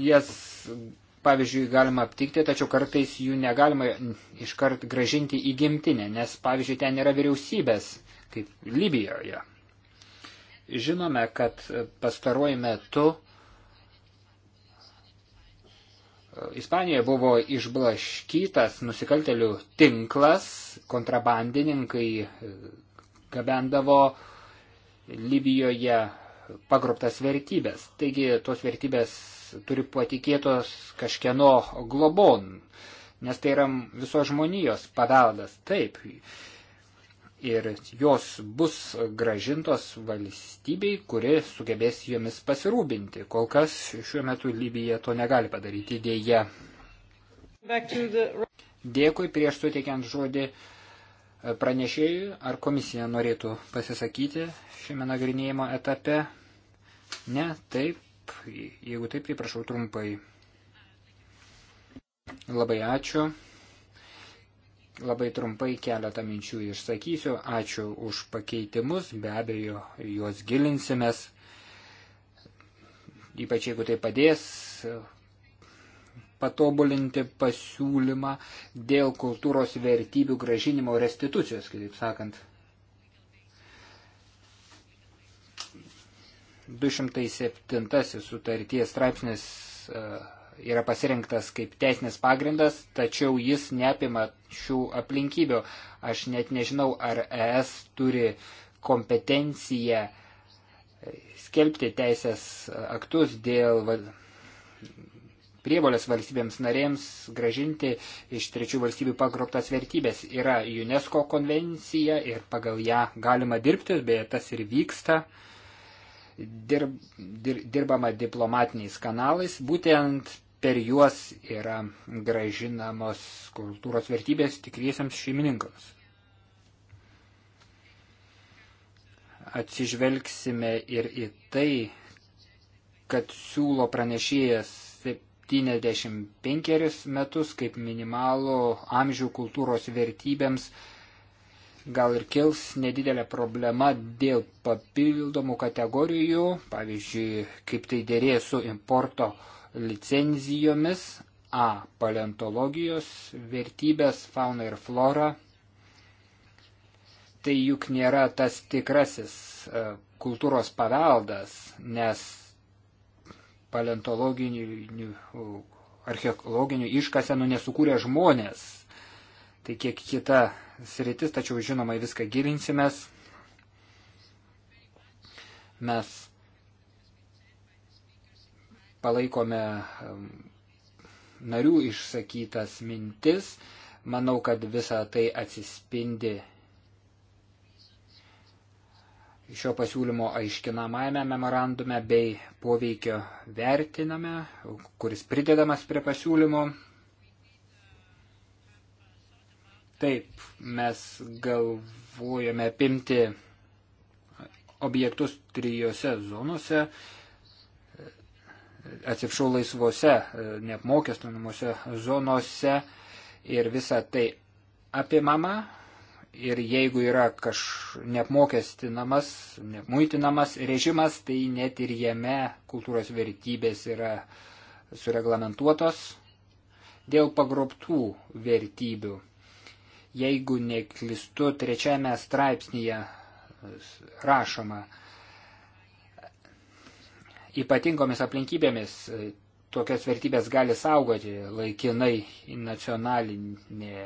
Jas, pavyzdžiui, galima aptikti, tačiau kartais jų negalima iškart gražinti į gimtinę, nes, pavyzdžiui, ten yra vyriausybės, kaip Libijoje. Žinome, kad pastaruoju metu Ispanijoje buvo išblaškytas nusikaltelių tinklas, kontrabandininkai gabendavo Libijoje pagruptas vertybės. Taigi tos vertybės turi patikėtos kažkieno globon, nes tai yra visos žmonijos paveldas. Taip. Ir jos bus gražintos valstybei, kuri sugebės jomis pasirūpinti. Kol kas šiuo metu Libija to negali padaryti dėje. The... Dėkui prieš suteikiant žodį uh, pranešėjui, ar komisija norėtų pasisakyti šiame nagrinėjimo etape. Ne, taip, jeigu taip, tai prašau trumpai. Labai ačiū. Labai trumpai keletą minčių išsakysiu. Ačiū už pakeitimus, be abejo, juos gilinsimės. Ypač jeigu tai padės patobulinti pasiūlymą dėl kultūros vertybių gražinimo restitucijos, kitaip sakant. 207 sutarties straipsnis e, yra pasirinktas kaip teisinis pagrindas, tačiau jis neapima šių aplinkybių. Aš net nežinau, ar ES turi kompetenciją skelbti teisės aktus dėl prievolės valstybėms narėms gražinti iš trečių valstybių pagrobtas vertybės. Yra UNESCO konvencija ir pagal ją galima dirbti, beje, tas ir vyksta. Dirb, dir, dirbama diplomatiniais kanalais, būtent per juos yra gražinamos kultūros vertybės tikriesiams šeimininkams. Atsižvelgsime ir į tai, kad siūlo pranešėjas 75 metus kaip minimalų amžių kultūros vertybėms gal ir kils nedidelė problema dėl papildomų kategorijų, pavyzdžiui, kaip tai dėrės su importo licenzijomis, A. Paleontologijos vertybės, fauna ir flora. Tai juk nėra tas tikrasis e, kultūros paveldas, nes paleontologinių, archeologinių iškasenų nesukūrė žmonės. Tai kiek kita sritis, tačiau žinoma, viską gilinsimės. Mes palaikome um, narių išsakytas mintis. Manau, kad visa tai atsispindi šio pasiūlymo aiškinamajame memorandume bei poveikio vertiname, kuris pridedamas prie pasiūlymo. Taip, mes galvojame apimti objektus trijose zonose, atsipšau laisvose, neapmokestinamuose zonose ir visa tai apimama ir jeigu yra kaž neapmokestinamas, neapmuitinamas režimas, tai net ir jame kultūros vertybės yra sureglamentuotos dėl pagrobtų vertybių. Jeigu neklistu, trečiame straipsnėje rašoma, ypatingomis aplinkybėmis tokias vertybės gali saugoti laikinai nacionalinė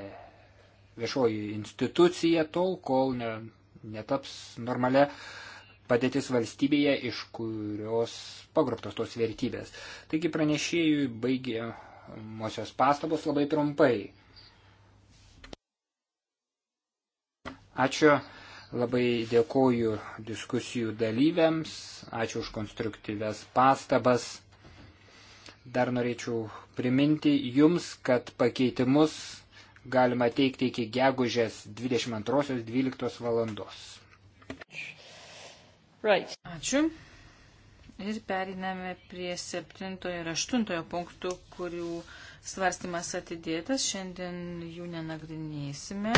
viešoji institucija tol, kol ne, netaps normalia padėtis valstybėje, iš kurios pagruptos tos vertybės. Taigi pranešėjui baigė mosios pastabos labai trumpai. Ačiū, labai dėkoju diskusijų dalyviams, ačiū už konstruktyves pastabas. Dar norėčiau priminti jums, kad pakeitimus galima teikti iki gegužės 22.12 valandos. Right. Ačiū. Ir periname prie 7 ir 8 punktų, kurių svarstymas atidėtas. Šiandien jų nenagrinėsime.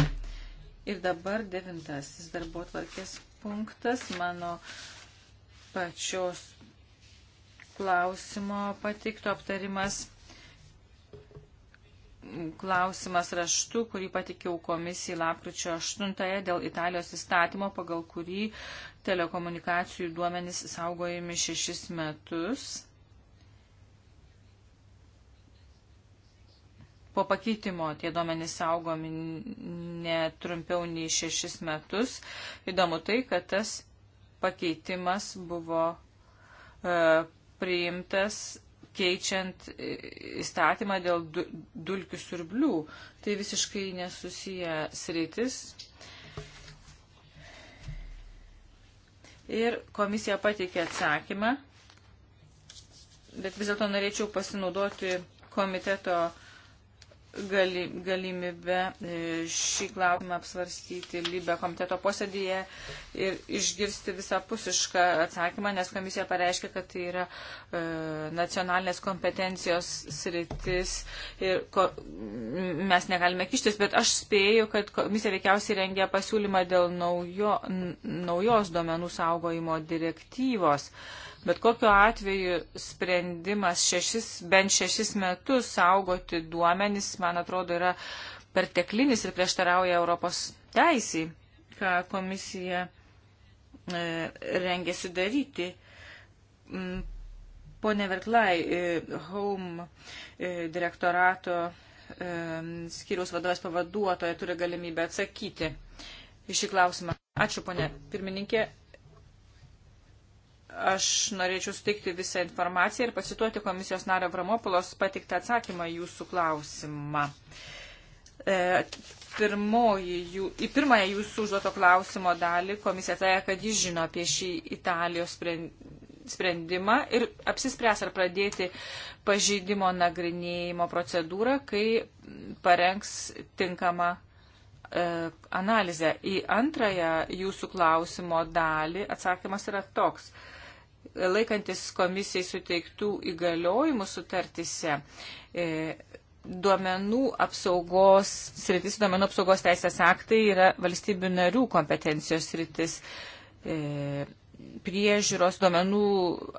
Ir dabar devintasis darbo tvarkės punktas mano pačios klausimo patikto aptarimas klausimas raštu, kurį patikiau komisijai lapkričio 8 dėl Italijos įstatymo, pagal kurį telekomunikacijų duomenys saugojami šešis metus. Po pakeitimo tie duomenys saugomi netrumpiau nei šešis metus. Įdomu tai, kad tas pakeitimas buvo e, priimtas keičiant įstatymą dėl dulkių surblių. Tai visiškai nesusiję sritis. Ir komisija pateikė atsakymą, bet vis dėlto norėčiau pasinaudoti komiteto uh, gali, galimybę e, šį klausimą apsvarstyti Libė komiteto posėdėje ir išgirsti visapusišką atsakymą, nes komisija pareiškia, kad tai yra e, nacionalinės kompetencijos sritis ir ko, mes negalime kištis, bet aš spėju, kad komisija veikiausiai rengia pasiūlymą dėl naujo, naujos duomenų saugojimo direktyvos. E, Bet kokiu atveju sprendimas šešis, bent šešis metus saugoti duomenys, man atrodo, yra perteklinis ir prieštarauja Europos teisiai, ką komisija e, rengėsi daryti. Mm, pone Verklai, e, Home e, direktorato e, skiriaus vadovės pavaduotoja turi galimybę atsakyti į šį klausimą. Ačiū, ponė pirmininkė. Aš norėčiau sutikti visą informaciją ir pacituoti komisijos nario Vramopolos patiktą atsakymą jūsų klausimą. E, pirmoji, jų, į pirmąją jūsų užduoto klausimo dalį komisija tai, kad jis žino apie šį Italijos sprendimą ir apsispręs ar pradėti pažeidimo nagrinėjimo procedūrą, kai parengs tinkamą e, analizę. Į antrąją jūsų klausimo dalį atsakymas yra toks laikantis komisijai suteiktų įgaliojimų sutartise, e, duomenų apsaugos, sritis duomenų apsaugos teisės aktai yra valstybių narių kompetencijos sritis e, priežiūros, duomenų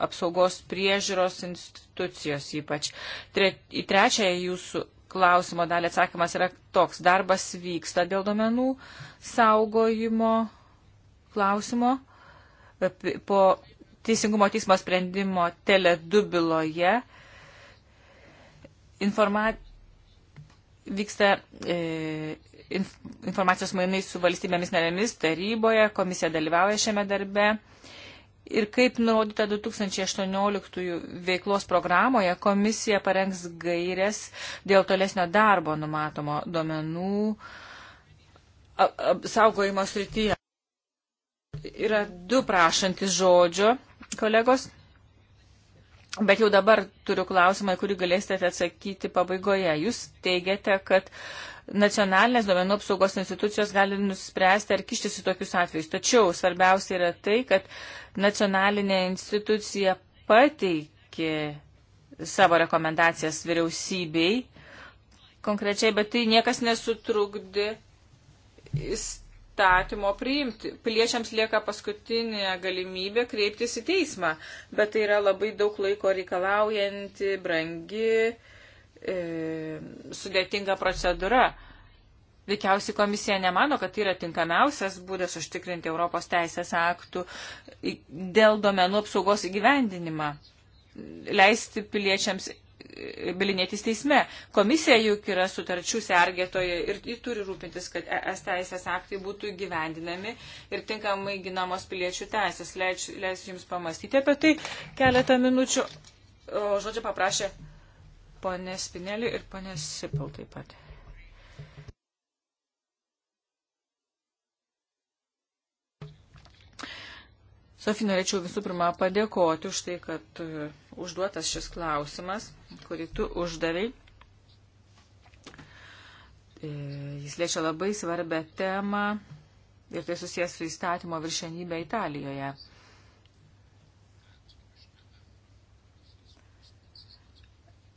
apsaugos priežiūros institucijos ypač. Tre, į trečiąją jūsų klausimo dalį atsakymas yra toks. Darbas vyksta dėl duomenų saugojimo klausimo. Po Teisingumo teismo sprendimo Tele2 byloje informa vyksta e, inf informacijos mainai su valstybėmis narėmis taryboje, komisija dalyvauja šiame darbe. Ir kaip nurodyta 2018 veiklos programoje, komisija parengs gairias dėl tolesnio darbo numatomo duomenų saugojimo srityje. Yra du prašantis žodžio kolegos. Bet jau dabar turiu klausimą, kurį galėsite atsakyti pabaigoje. Jūs teigiate, kad nacionalinės duomenų apsaugos institucijos gali nuspręsti ar kištis į tokius atvejus. Tačiau svarbiausia yra tai, kad nacionalinė institucija pateikė savo rekomendacijas vyriausybei konkrečiai, bet tai niekas nesutrukdė įstatymo priimti. Piliečiams lieka paskutinė galimybė kreiptis į teismą, bet tai yra labai daug laiko reikalaujanti, brangi, e, sudėtinga procedūra. Veikiausiai komisija nemano, kad tai yra tinkamiausias būdas užtikrinti Europos teisės aktų dėl domenų apsaugos įgyvendinimą. Leisti piliečiams bilinėtis teisme. Komisija juk yra sutarčių sergėtoje ir ji turi rūpintis, kad ES teisės aktai būtų gyvendinami ir tinkamai ginamos piliečių teisės. Leisiu leis Jums pamastyti apie tai keletą minučių. O žodžio paprašė ponė Spinelį ir ponė Sipil taip pat. Sofija, norėčiau visų pirma padėkoti už tai, kad e, užduotas šis klausimas, kurį tu uždavai. E, jis liečia labai svarbę temą ir tai susijęs su įstatymo viršenybė Italijoje.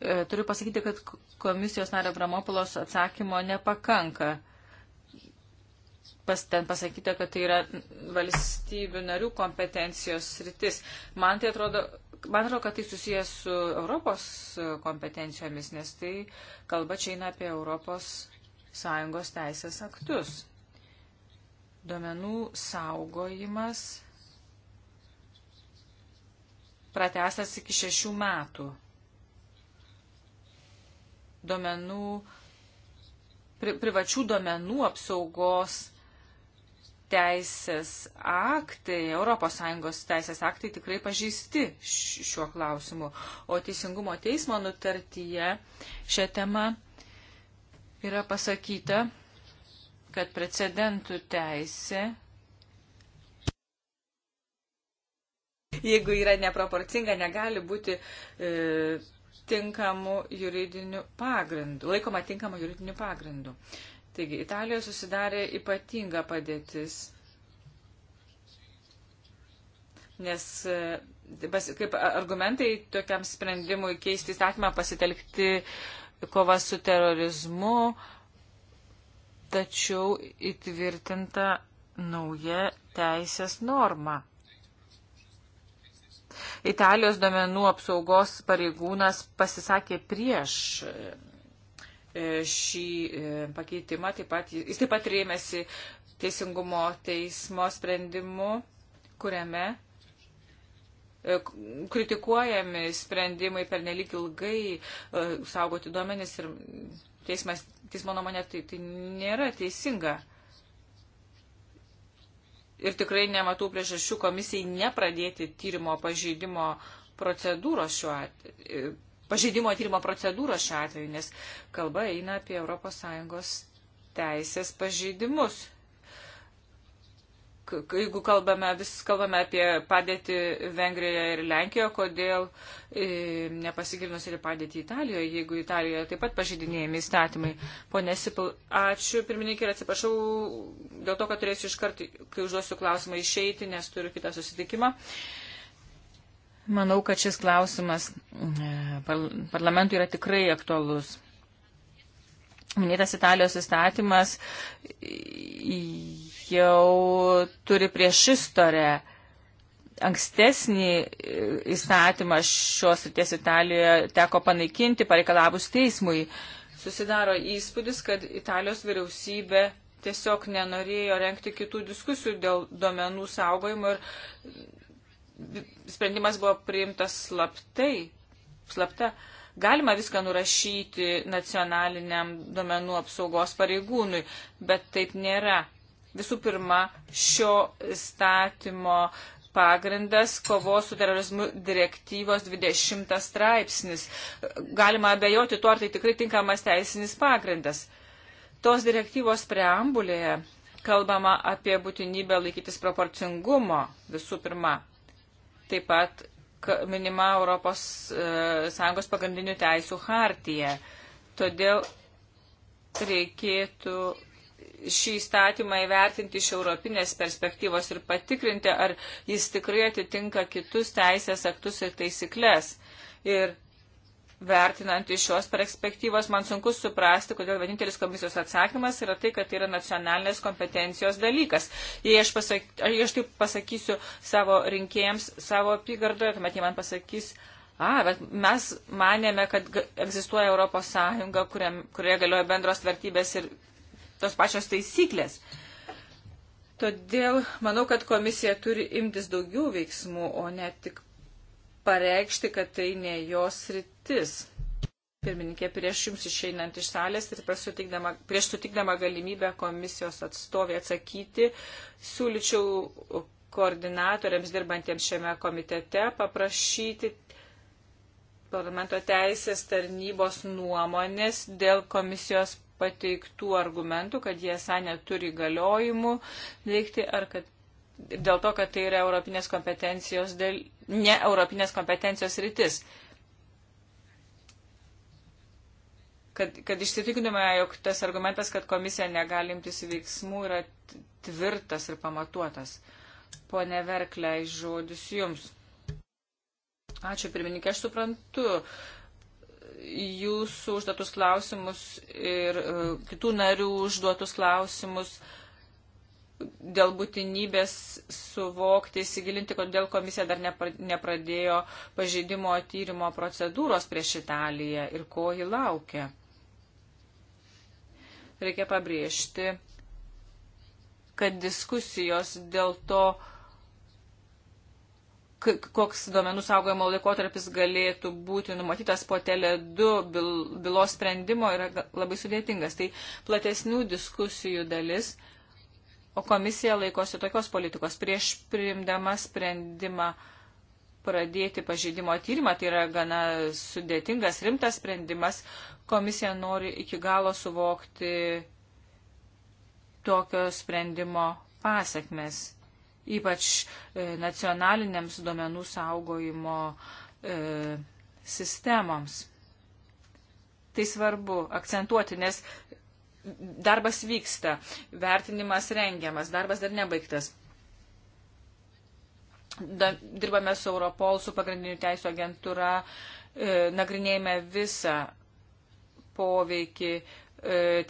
E, turiu pasakyti, kad komisijos nario Bramopolos atsakymo nepakanka pas ten pasakyta, kad tai yra valstybių narių kompetencijos sritis. Man tai atrodo, man atrodo, kad tai susijęs su Europos kompetencijomis, nes tai kalba čia eina apie Europos Sąjungos teisės aktus. Duomenų saugojimas pratestas iki šešių metų. Duomenų, pri, privačių duomenų apsaugos teisės aktai, ES teisės aktai tikrai pažįsti šiuo klausimu, o Teisingumo teismo nutartyje šią temą yra pasakyta, kad precedentų teisė, jeigu yra neproporcinga, negali būti e, tinkamų juridinių pagrindų, laikoma tinkamų juridinių pagrindų. E, Taigi, Italijoje susidarė ypatinga padėtis, nes e, kaip argumentai tokiam sprendimui keisti įstatymą pasitelkti kova su terorizmu, tačiau įtvirtinta nauja teisės norma. Italijos domenų apsaugos pareigūnas pasisakė prieš e, E, šį e, pakeitimą, taip pat, jis taip pat rėmėsi Teisingumo teismo sprendimu, kuriame e, kritikuojami sprendimai per nelik ilgai saugoti duomenis ir teismas, teismo nuomonė tai, tai nėra teisinga. Ir tikrai nematau priežasčių komisijai nepradėti tyrimo pažeidimo procedūros šiuo atveju pažeidimo tyrimo procedūros šiuo atveju, nes kalba eina apie ES teisės pažeidimus. Jeigu kalbame, vis kalbame apie padėtį Vengrijoje ir Lenkijoje, kodėl e, nepasigilinus ir padėtį Italijoje, jeigu Italijoje taip pat pažydinėjami įstatymai. Pone Sipil, ačiū pirmininkai ir atsiprašau dėl to, kad turėsiu iš karto, kai užduosiu klausimą, išeiti, nes turiu kitą susitikimą. E, Manau, kad šis klausimas e, parlamentui yra tikrai aktualus. Minėtas Italijos įstatymas jau turi prieš istorę ankstesnį e, įstatymą šios ryties Italijoje teko panaikinti pareikalavus teismui. Susidaro įspūdis, kad Italijos vyriausybė tiesiog nenorėjo renkti kitų diskusijų dėl duomenų saugojimo ir sprendimas buvo priimtas slaptai, slapta. Galima viską nurašyti nacionaliniam duomenų apsaugos pareigūnui, bet taip nėra. Visų pirma, šio statymo pagrindas kovos su terorizmu direktyvos 20 straipsnis. Galima abejoti tuo, ar tai tikrai tinkamas teisinis pagrindas. Tos direktyvos preambulėje kalbama apie būtinybę laikytis proporcingumo visų pirma. Taip pat minima Europos e, Sąjungos pagrindinių teisų hartija. Todėl reikėtų šį įstatymą įvertinti iš europinės perspektyvos ir patikrinti, ar jis tikrai atitinka kitus teisės aktus ir taisyklės. Ir vertinant iš šios perspektyvos, man sunku suprasti, kodėl vienintelis komisijos atsakymas yra tai, kad tai yra nacionalinės kompetencijos dalykas. Jei aš, pasak, jei aš taip pasakysiu savo rinkėjams, savo apygardoje, tuomet jie man pasakys, A, bet mes manėme, kad egzistuoja Europos Sąjunga, kurie, kurioje galioja bendros vertybės ir tos pačios taisyklės. Todėl manau, kad komisija turi imtis daugiau veiksmų, o ne tik pareikšti, kad tai ne jos rytis sutartis. Pirmininkė, prieš jums išeinant iš salės ir prieš sutikdama galimybę komisijos atstovė atsakyti, siūlyčiau koordinatoriams dirbantiems šiame komitete paprašyti parlamento teisės tarnybos nuomonės dėl komisijos pateiktų argumentų, kad jie esą neturi galiojimų veikti ar kad dėl to, kad tai yra europinės kompetencijos, dėl, ne europinės kompetencijos rytis. kad, kad išsitikinome, jog tas argumentas, kad komisija negali imtis veiksmų, yra tvirtas ir pamatuotas. Pone Verklei, žodis jums. Ačiū, pirmininkė, aš suprantu jūsų užduotus klausimus ir e, kitų narių užduotus klausimus dėl būtinybės suvokti, įsigilinti, kodėl komisija dar nepradėjo pažeidimo tyrimo procedūros prieš Italiją ir ko ji laukia reikia pabrėžti, kad diskusijos dėl to, koks duomenų saugojimo laikotarpis galėtų būti numatytas po tele 2 bylos sprendimo yra labai sudėtingas. Tai platesnių diskusijų dalis, o komisija laikosi tokios politikos prieš priimdama sprendimą pradėti pažeidimo tyrimą, tai yra gana sudėtingas, rimtas sprendimas. Komisija nori iki galo suvokti tokio sprendimo pasiekmes, ypač e, nacionaliniams duomenų saugojimo e, sistemoms. Tai svarbu akcentuoti, nes darbas vyksta, vertinimas rengiamas, darbas dar nebaigtas da, dirbame su Europol, su pagrindinių teisų agentūra, e, nagrinėjame visą poveikį e,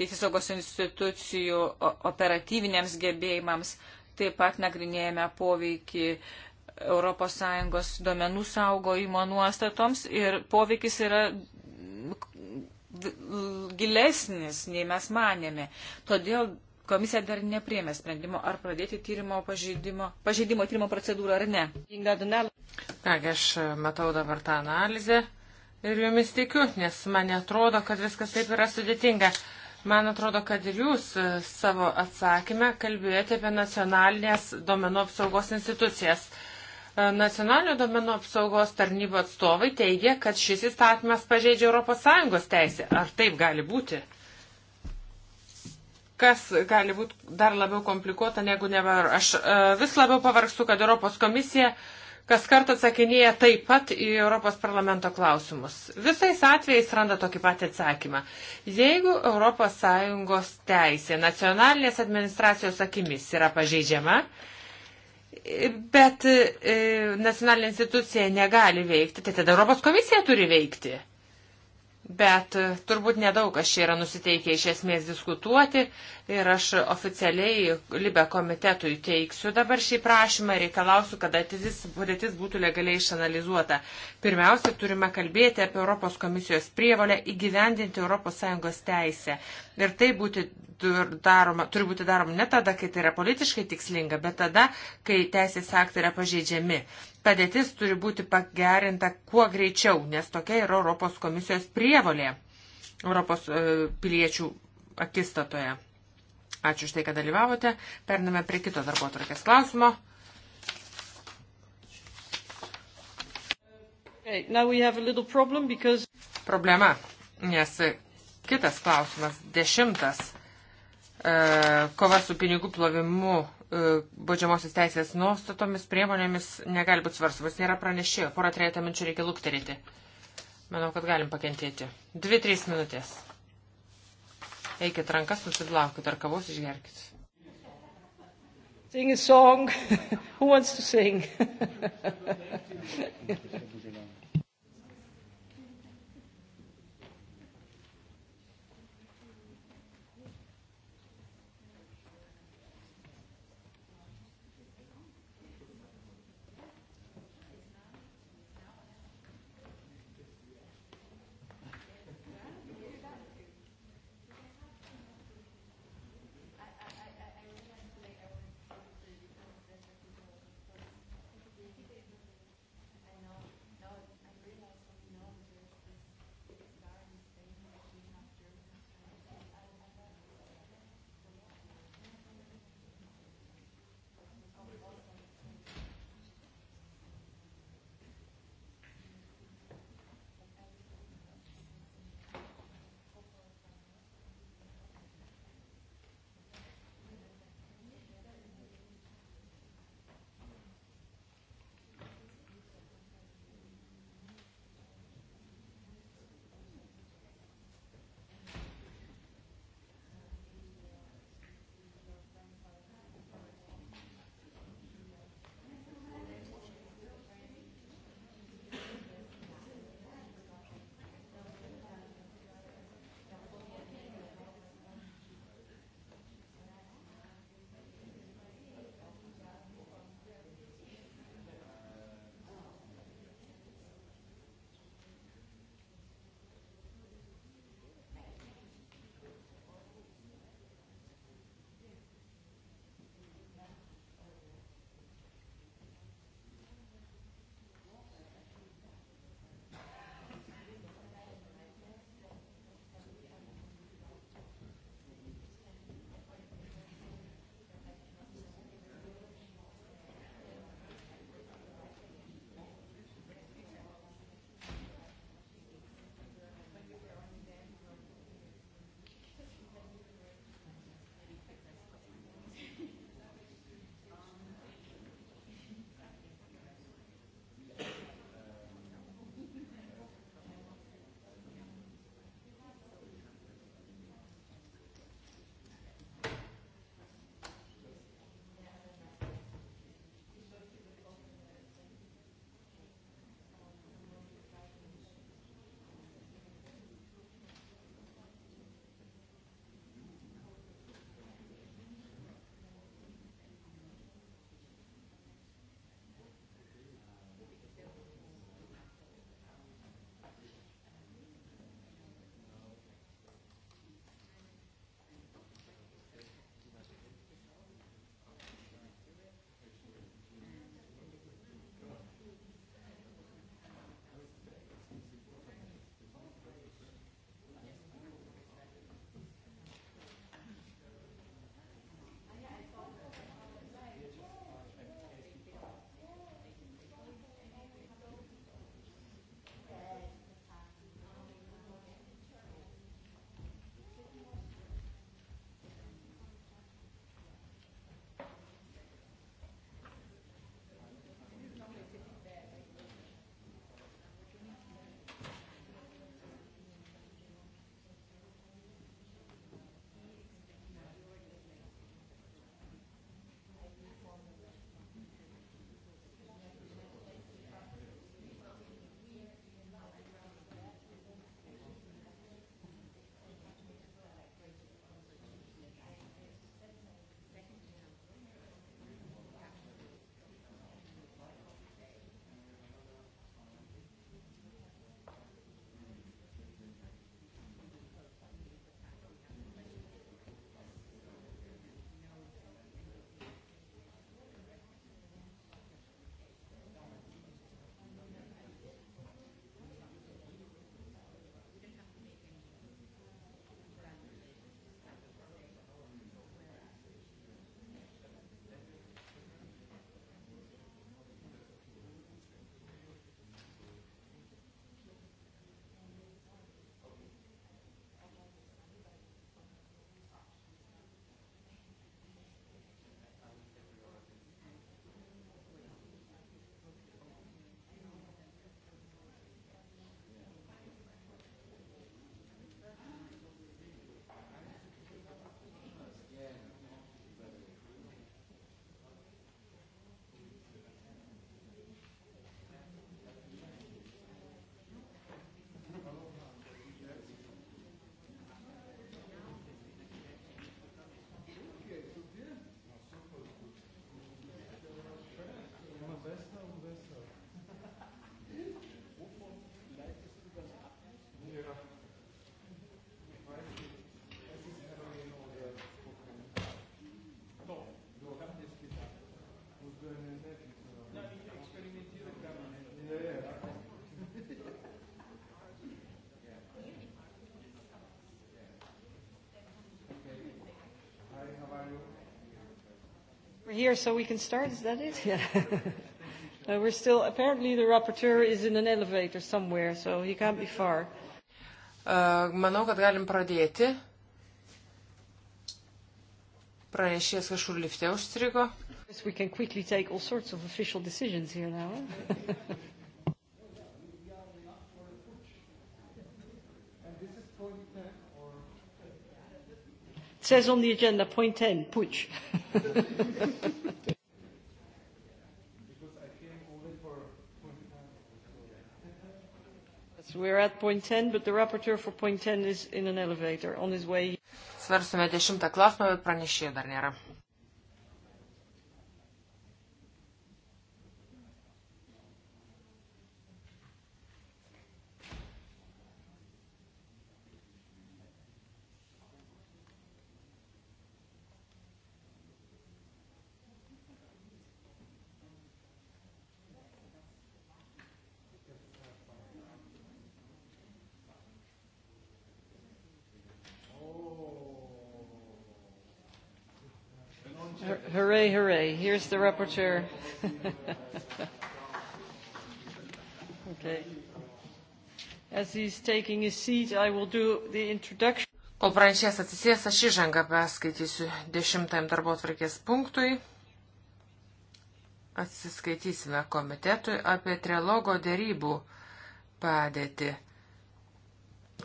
teisėsaugos institucijų operatyviniams gebėjimams, taip pat nagrinėjame poveikį ES duomenų saugojimo nuostatoms ir poveikis yra gilesnis, nei mes manėme. Todėl Komisija dar nepriemė sprendimo, ar pradėti tyrimo pažeidimo, pažeidimo tyrimo procedūrą ar ne. Kągi, aš matau dabar tą analizę ir jumis tikiu, nes man atrodo, kad viskas taip yra sudėtinga. Man atrodo, kad ir jūs savo atsakymę kalbėjote apie nacionalinės domenų apsaugos institucijas. Nacionalinio domenų apsaugos tarnybo atstovai teigia, kad šis įstatymas pažeidžia ES teisę. Ar taip gali būti? kas gali būti dar labiau komplikuota negu nevar. Aš e, vis labiau pavargstu, kad Europos komisija kas kartą atsakinėja taip pat į Europos parlamento klausimus. Visais atvejais randa tokį patį atsakymą. Jeigu ES teisė nacionalinės administracijos akimis yra pažeidžiama, bet e, nacionalinė institucija negali veikti, tai tada Europos komisija turi veikti. Bet e, turbūt nedaug kas čia yra nusiteikę iš esmės diskutuoti ir aš oficialiai Libe komitetui teiksiu dabar šį prašymą ir reikalausiu, kad atidis padėtis būtų legaliai išanalizuota. Pirmiausia, turime kalbėti apie Europos komisijos prievalę įgyvendinti ES teisę. Ir tai būti daroma, turi būti daroma ne tada, kai tai yra politiškai tikslinga, bet tada, kai teisės aktai yra pažeidžiami. Padėtis turi būti pagerinta kuo greičiau, nes tokia yra Europos komisijos prievolė Europos e, piliečių akistatoje. Ačiū už tai, kad dalyvavote. Pername prie kito darbo tvarkės klausimo. Okay, because... Problema, nes Kitas klausimas, dešimtas. E, kova su pinigų plovimu e, baudžiamosios teisės nuostatomis, priemonėmis negali būti svarstamas, nėra pranešėjo. Porą trejata minčių reikia lukterėti. Manau, kad galim pakentėti. Dvi, trys minutės. Eikit rankas, nusidlaukit ar kavos išgerkit. Sing a song. Who wants to sing? We're here so we can start, is that it? Yeah. uh, we're still, apparently the rapporteur is in an elevator somewhere, so he can't be far. Uh, manau, kad galim pradėti. Pranešės kažkur lifte užstrigo. Yes, we can quickly take all sorts of official decisions here now. Eh? says on the agenda, point 10, putsch. We're at point 10, but the rapporteur for point 10 is in an elevator on his way. Svarstome dešimtą klausimą, bet pranešėjo dar nėra. the rapporteur. okay. As he's taking his seat, I will do the introduction. Kol pranešės atsisės, aš įžangą perskaitysiu dešimtajam darbo atvarkės punktui. Atsiskaitysime komitetui apie trilogo dėrybų padėtį.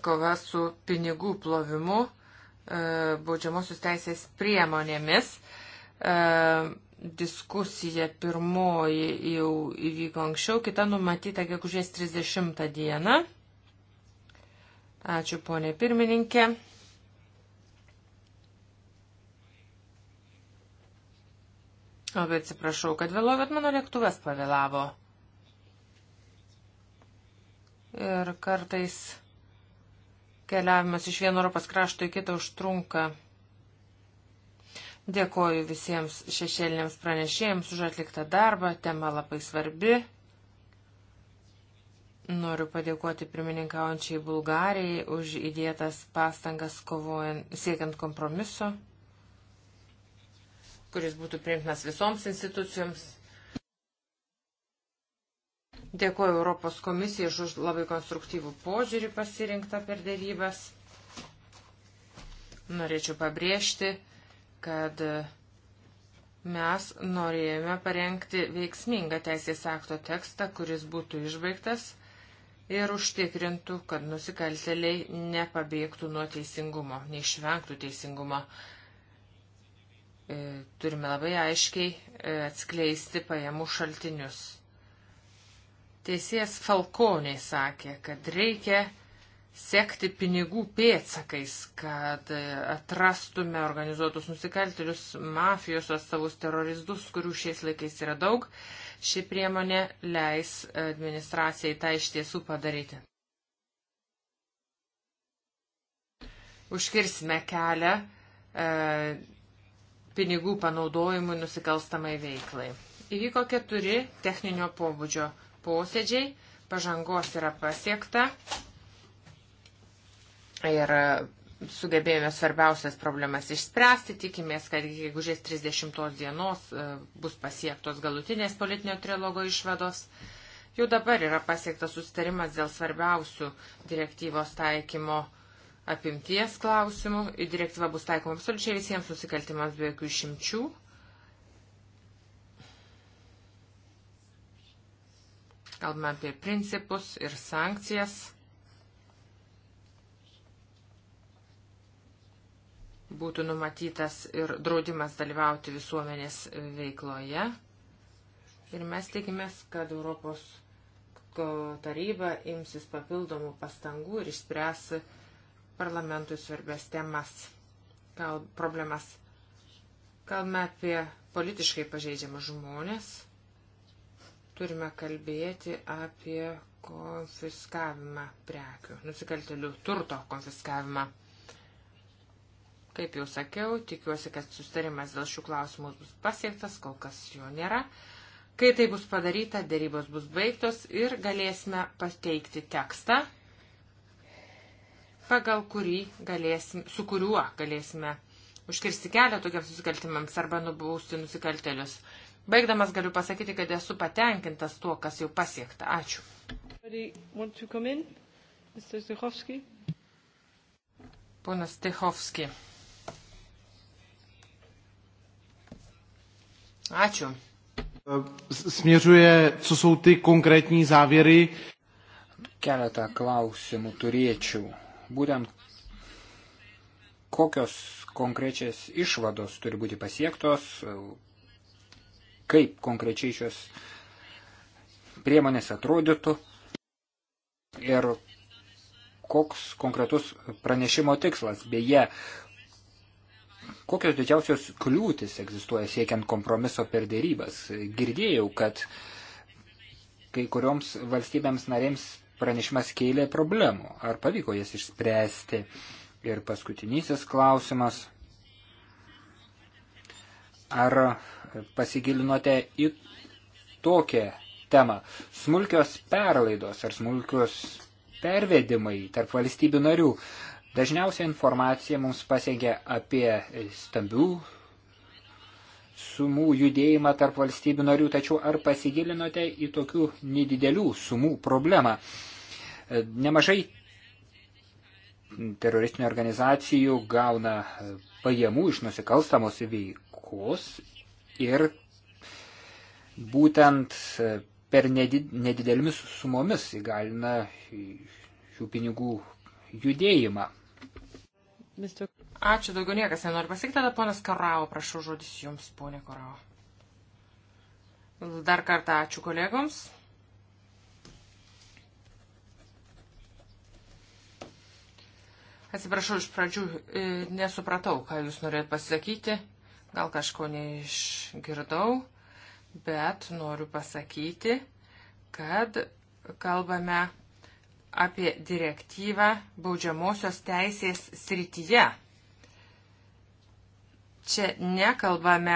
Kova su pinigų plovimu, e, baudžiamosios teisės priemonėmis. E, diskusija pirmoji jau įvyko anksčiau, kita numatyta gegužės 30 dieną. Ačiū ponė pirmininkė. Labai atsiprašau, kad vėluoju, bet mano lėktuvas pavėlavo. Ir kartais keliavimas iš vieno Europos krašto į kitą užtrunka Dėkoju visiems šešėliniams pranešėjams už atliktą darbą, tema labai svarbi. Noriu padėkoti pirmininkaujančiai Bulgarijai už įdėtas pastangas kovojant, siekiant kompromiso, kuris būtų priimtinas visoms institucijoms. Dėkuoju Europos komisijai už labai konstruktyvų požiūrį pasirinktą per dėrybas. Norėčiau pabrėžti, kad mes norėjome parengti veiksmingą teisės akto tekstą, kuris būtų išbaigtas ir užtikrintų, kad nusikalteliai nepabėgtų nuo teisingumo, neišvengtų teisingumo. E, turime labai aiškiai e, atskleisti pajamų šaltinius. Teisėjas Falkonė sakė, kad reikia sekti pinigų pėdsakais, kad e, atrastume organizuotus nusikaltelius, mafijos atstovus, teroristus, kurių šiais laikais yra daug. Ši priemonė leis administracijai tą iš tiesų padaryti. Užkirsime kelią e, pinigų panaudojimui nusikalstamai veiklai. Įvyko keturi techninio pobūdžio posėdžiai, pažangos yra pasiekta, ir e, sugebėjome svarbiausias problemas išspręsti. Tikimės, kad iki gegužės 30 dienos e, bus pasiektos galutinės politinio trilogo išvados. Jau dabar yra pasiektas sustarimas dėl svarbiausių direktyvos taikymo apimties klausimų. Direktyva bus taikoma absoliučiai visiems nusikaltimams be jokių išimčių. Kalbame apie principus ir sankcijas būtų numatytas ir draudimas dalyvauti visuomenės veikloje. Ir mes tikimės, kad Europos taryba imsis papildomų pastangų ir išspręs parlamentui svarbės temas, kal, problemas. Kalbame apie politiškai pažeidžiamus žmonės. Turime kalbėti apie konfiskavimą prekių, nusikaltelių turto konfiskavimą. Kaip jau sakiau, tikiuosi, kad sustarimas dėl šių klausimų bus pasiektas, kol kas jo nėra. Kai tai bus padaryta, dėrybos bus baigtos ir galėsime pateikti tekstą, pagal kurį galėsim, su kuriuo galėsime užkirsti kelią tokiems nusikaltimams arba nubausti nusikaltelius. Baigdamas galiu pasakyti, kad esu patenkintas tuo, kas jau pasiekta. Ačiū. Ponas Techovski. Ačiū. Smiežuje, co jsou tai konkretiniai zavėrai? Keletą klausimų turėčiau. Būtent kokios konkrečias išvados turi būti pasiektos, kaip konkrečiai šios priemonės atrodytų ir koks konkretus pranešimo tikslas. Beje, Kokios didžiausios kliūtis egzistuoja siekiant kompromiso per dėrybas? Girdėjau, kad kai kurioms valstybėms narėms pranešimas kėlė problemų. Ar pavyko jas išspręsti? Ir paskutinysis klausimas. Ar pasigilinote į tokią temą? Smulkios perlaidos ar smulkios pervedimai tarp valstybių narių. Dažniausiai informacija mums pasiekia apie stambių sumų judėjimą tarp valstybių narių, tačiau ar pasigilinote į tokių nedidelių sumų problemą? E, nemažai teroristinių organizacijų gauna pajamų iš nusikalstamos veikos ir būtent per nedidelėmis sumomis įgalina šių pinigų judėjimą. Ačiū, daugiau niekas nenori pasakyti, tada ponas Karavo, prašau žodis jums, ponė Karavo. Dar kartą ačiū kolegoms. Atsiprašau, iš pradžių e, nesupratau, ką jūs norėjot pasakyti, gal kažko neišgirdau, bet noriu pasakyti, kad kalbame apie direktyvą baudžiamosios teisės srityje. Čia nekalbame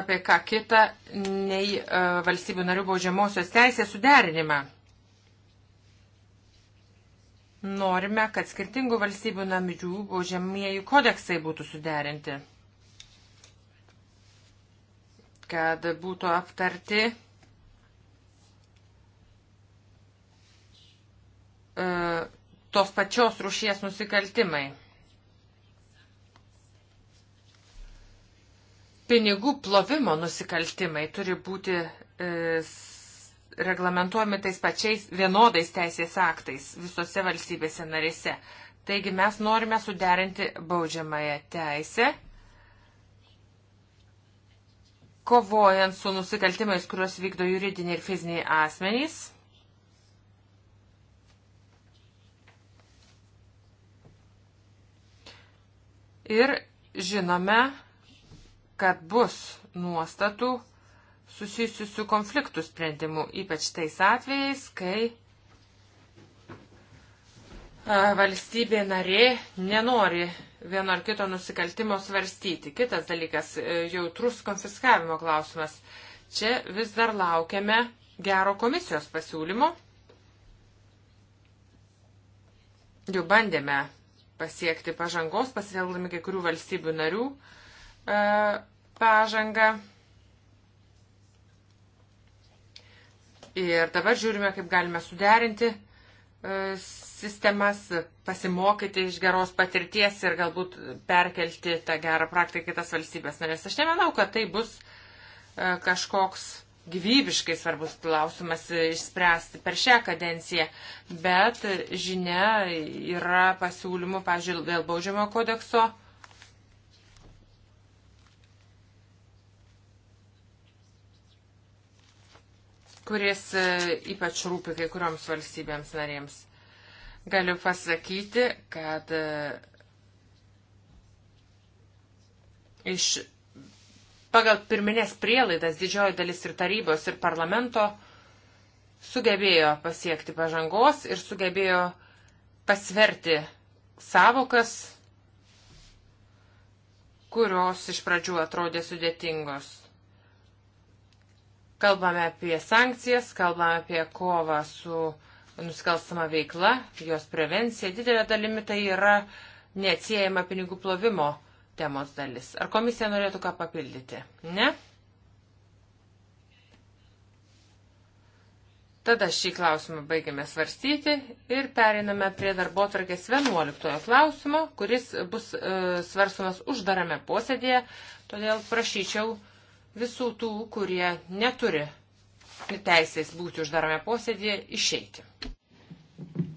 apie ką kitą nei e, valstybių narių baudžiamosios teisės suderinimą. Norime, kad skirtingų valstybių namidžių baudžiamieji kodeksai būtų suderinti, kad būtų aptarti E, tos pačios rušies nusikaltimai. Pinigų plovimo nusikaltimai turi būti e, reglamentuojami tais pačiais vienodais teisės aktais visose valstybėse narėse. Taigi mes norime suderinti baudžiamąją teisę, kovojant su nusikaltimais, kuriuos vykdo juridiniai ir fiziniai asmenys Ir žinome, kad bus nuostatų susijusių su konfliktų sprendimu, ypač tais atvejais, kai valstybė narė nenori vieno ar kito nusikaltimo svarstyti. Kitas dalykas e, - jautrus konfiskavimo klausimas. Čia vis dar laukiame gero komisijos pasiūlymo. Jau bandėme pasiekti pažangos, pasitelkdami kai kurių valstybių narių e, pažangą. Ir dabar žiūrime, kaip galime suderinti e, sistemas, pasimokyti iš geros patirties ir galbūt perkelti tą gerą praktiką kitas valstybės narės. Aš nemanau, kad tai bus e, kažkoks gyvybiškai svarbus klausimas išspręsti per šią kadenciją, bet žinia yra pasiūlymų, pažiūrėjau, dėl baudžiamo kodekso. kuris e, ypač rūpi kai kurioms valstybėms narėms. Galiu pasakyti, kad e, iš Pagal pirminės prielaidas didžioji dalis ir tarybos, ir parlamento sugebėjo pasiekti pažangos ir sugebėjo pasverti savokas, kurios iš pradžių atrodė sudėtingos. Kalbame apie sankcijas, kalbame apie kovą su nusikalstama veikla, jos prevencija. Didelė dalimi tai yra neatsiejama pinigų plovimo temos dalis. Ar komisija norėtų ką papildyti? Ne? Tada šį klausimą baigiame svarstyti ir periname prie darbo tvarkės 11 klausimo, kuris bus e, svarstomas uždarame posėdėje. Todėl prašyčiau visų tų, kurie neturi teisės būti uždarame posėdėje, išeiti.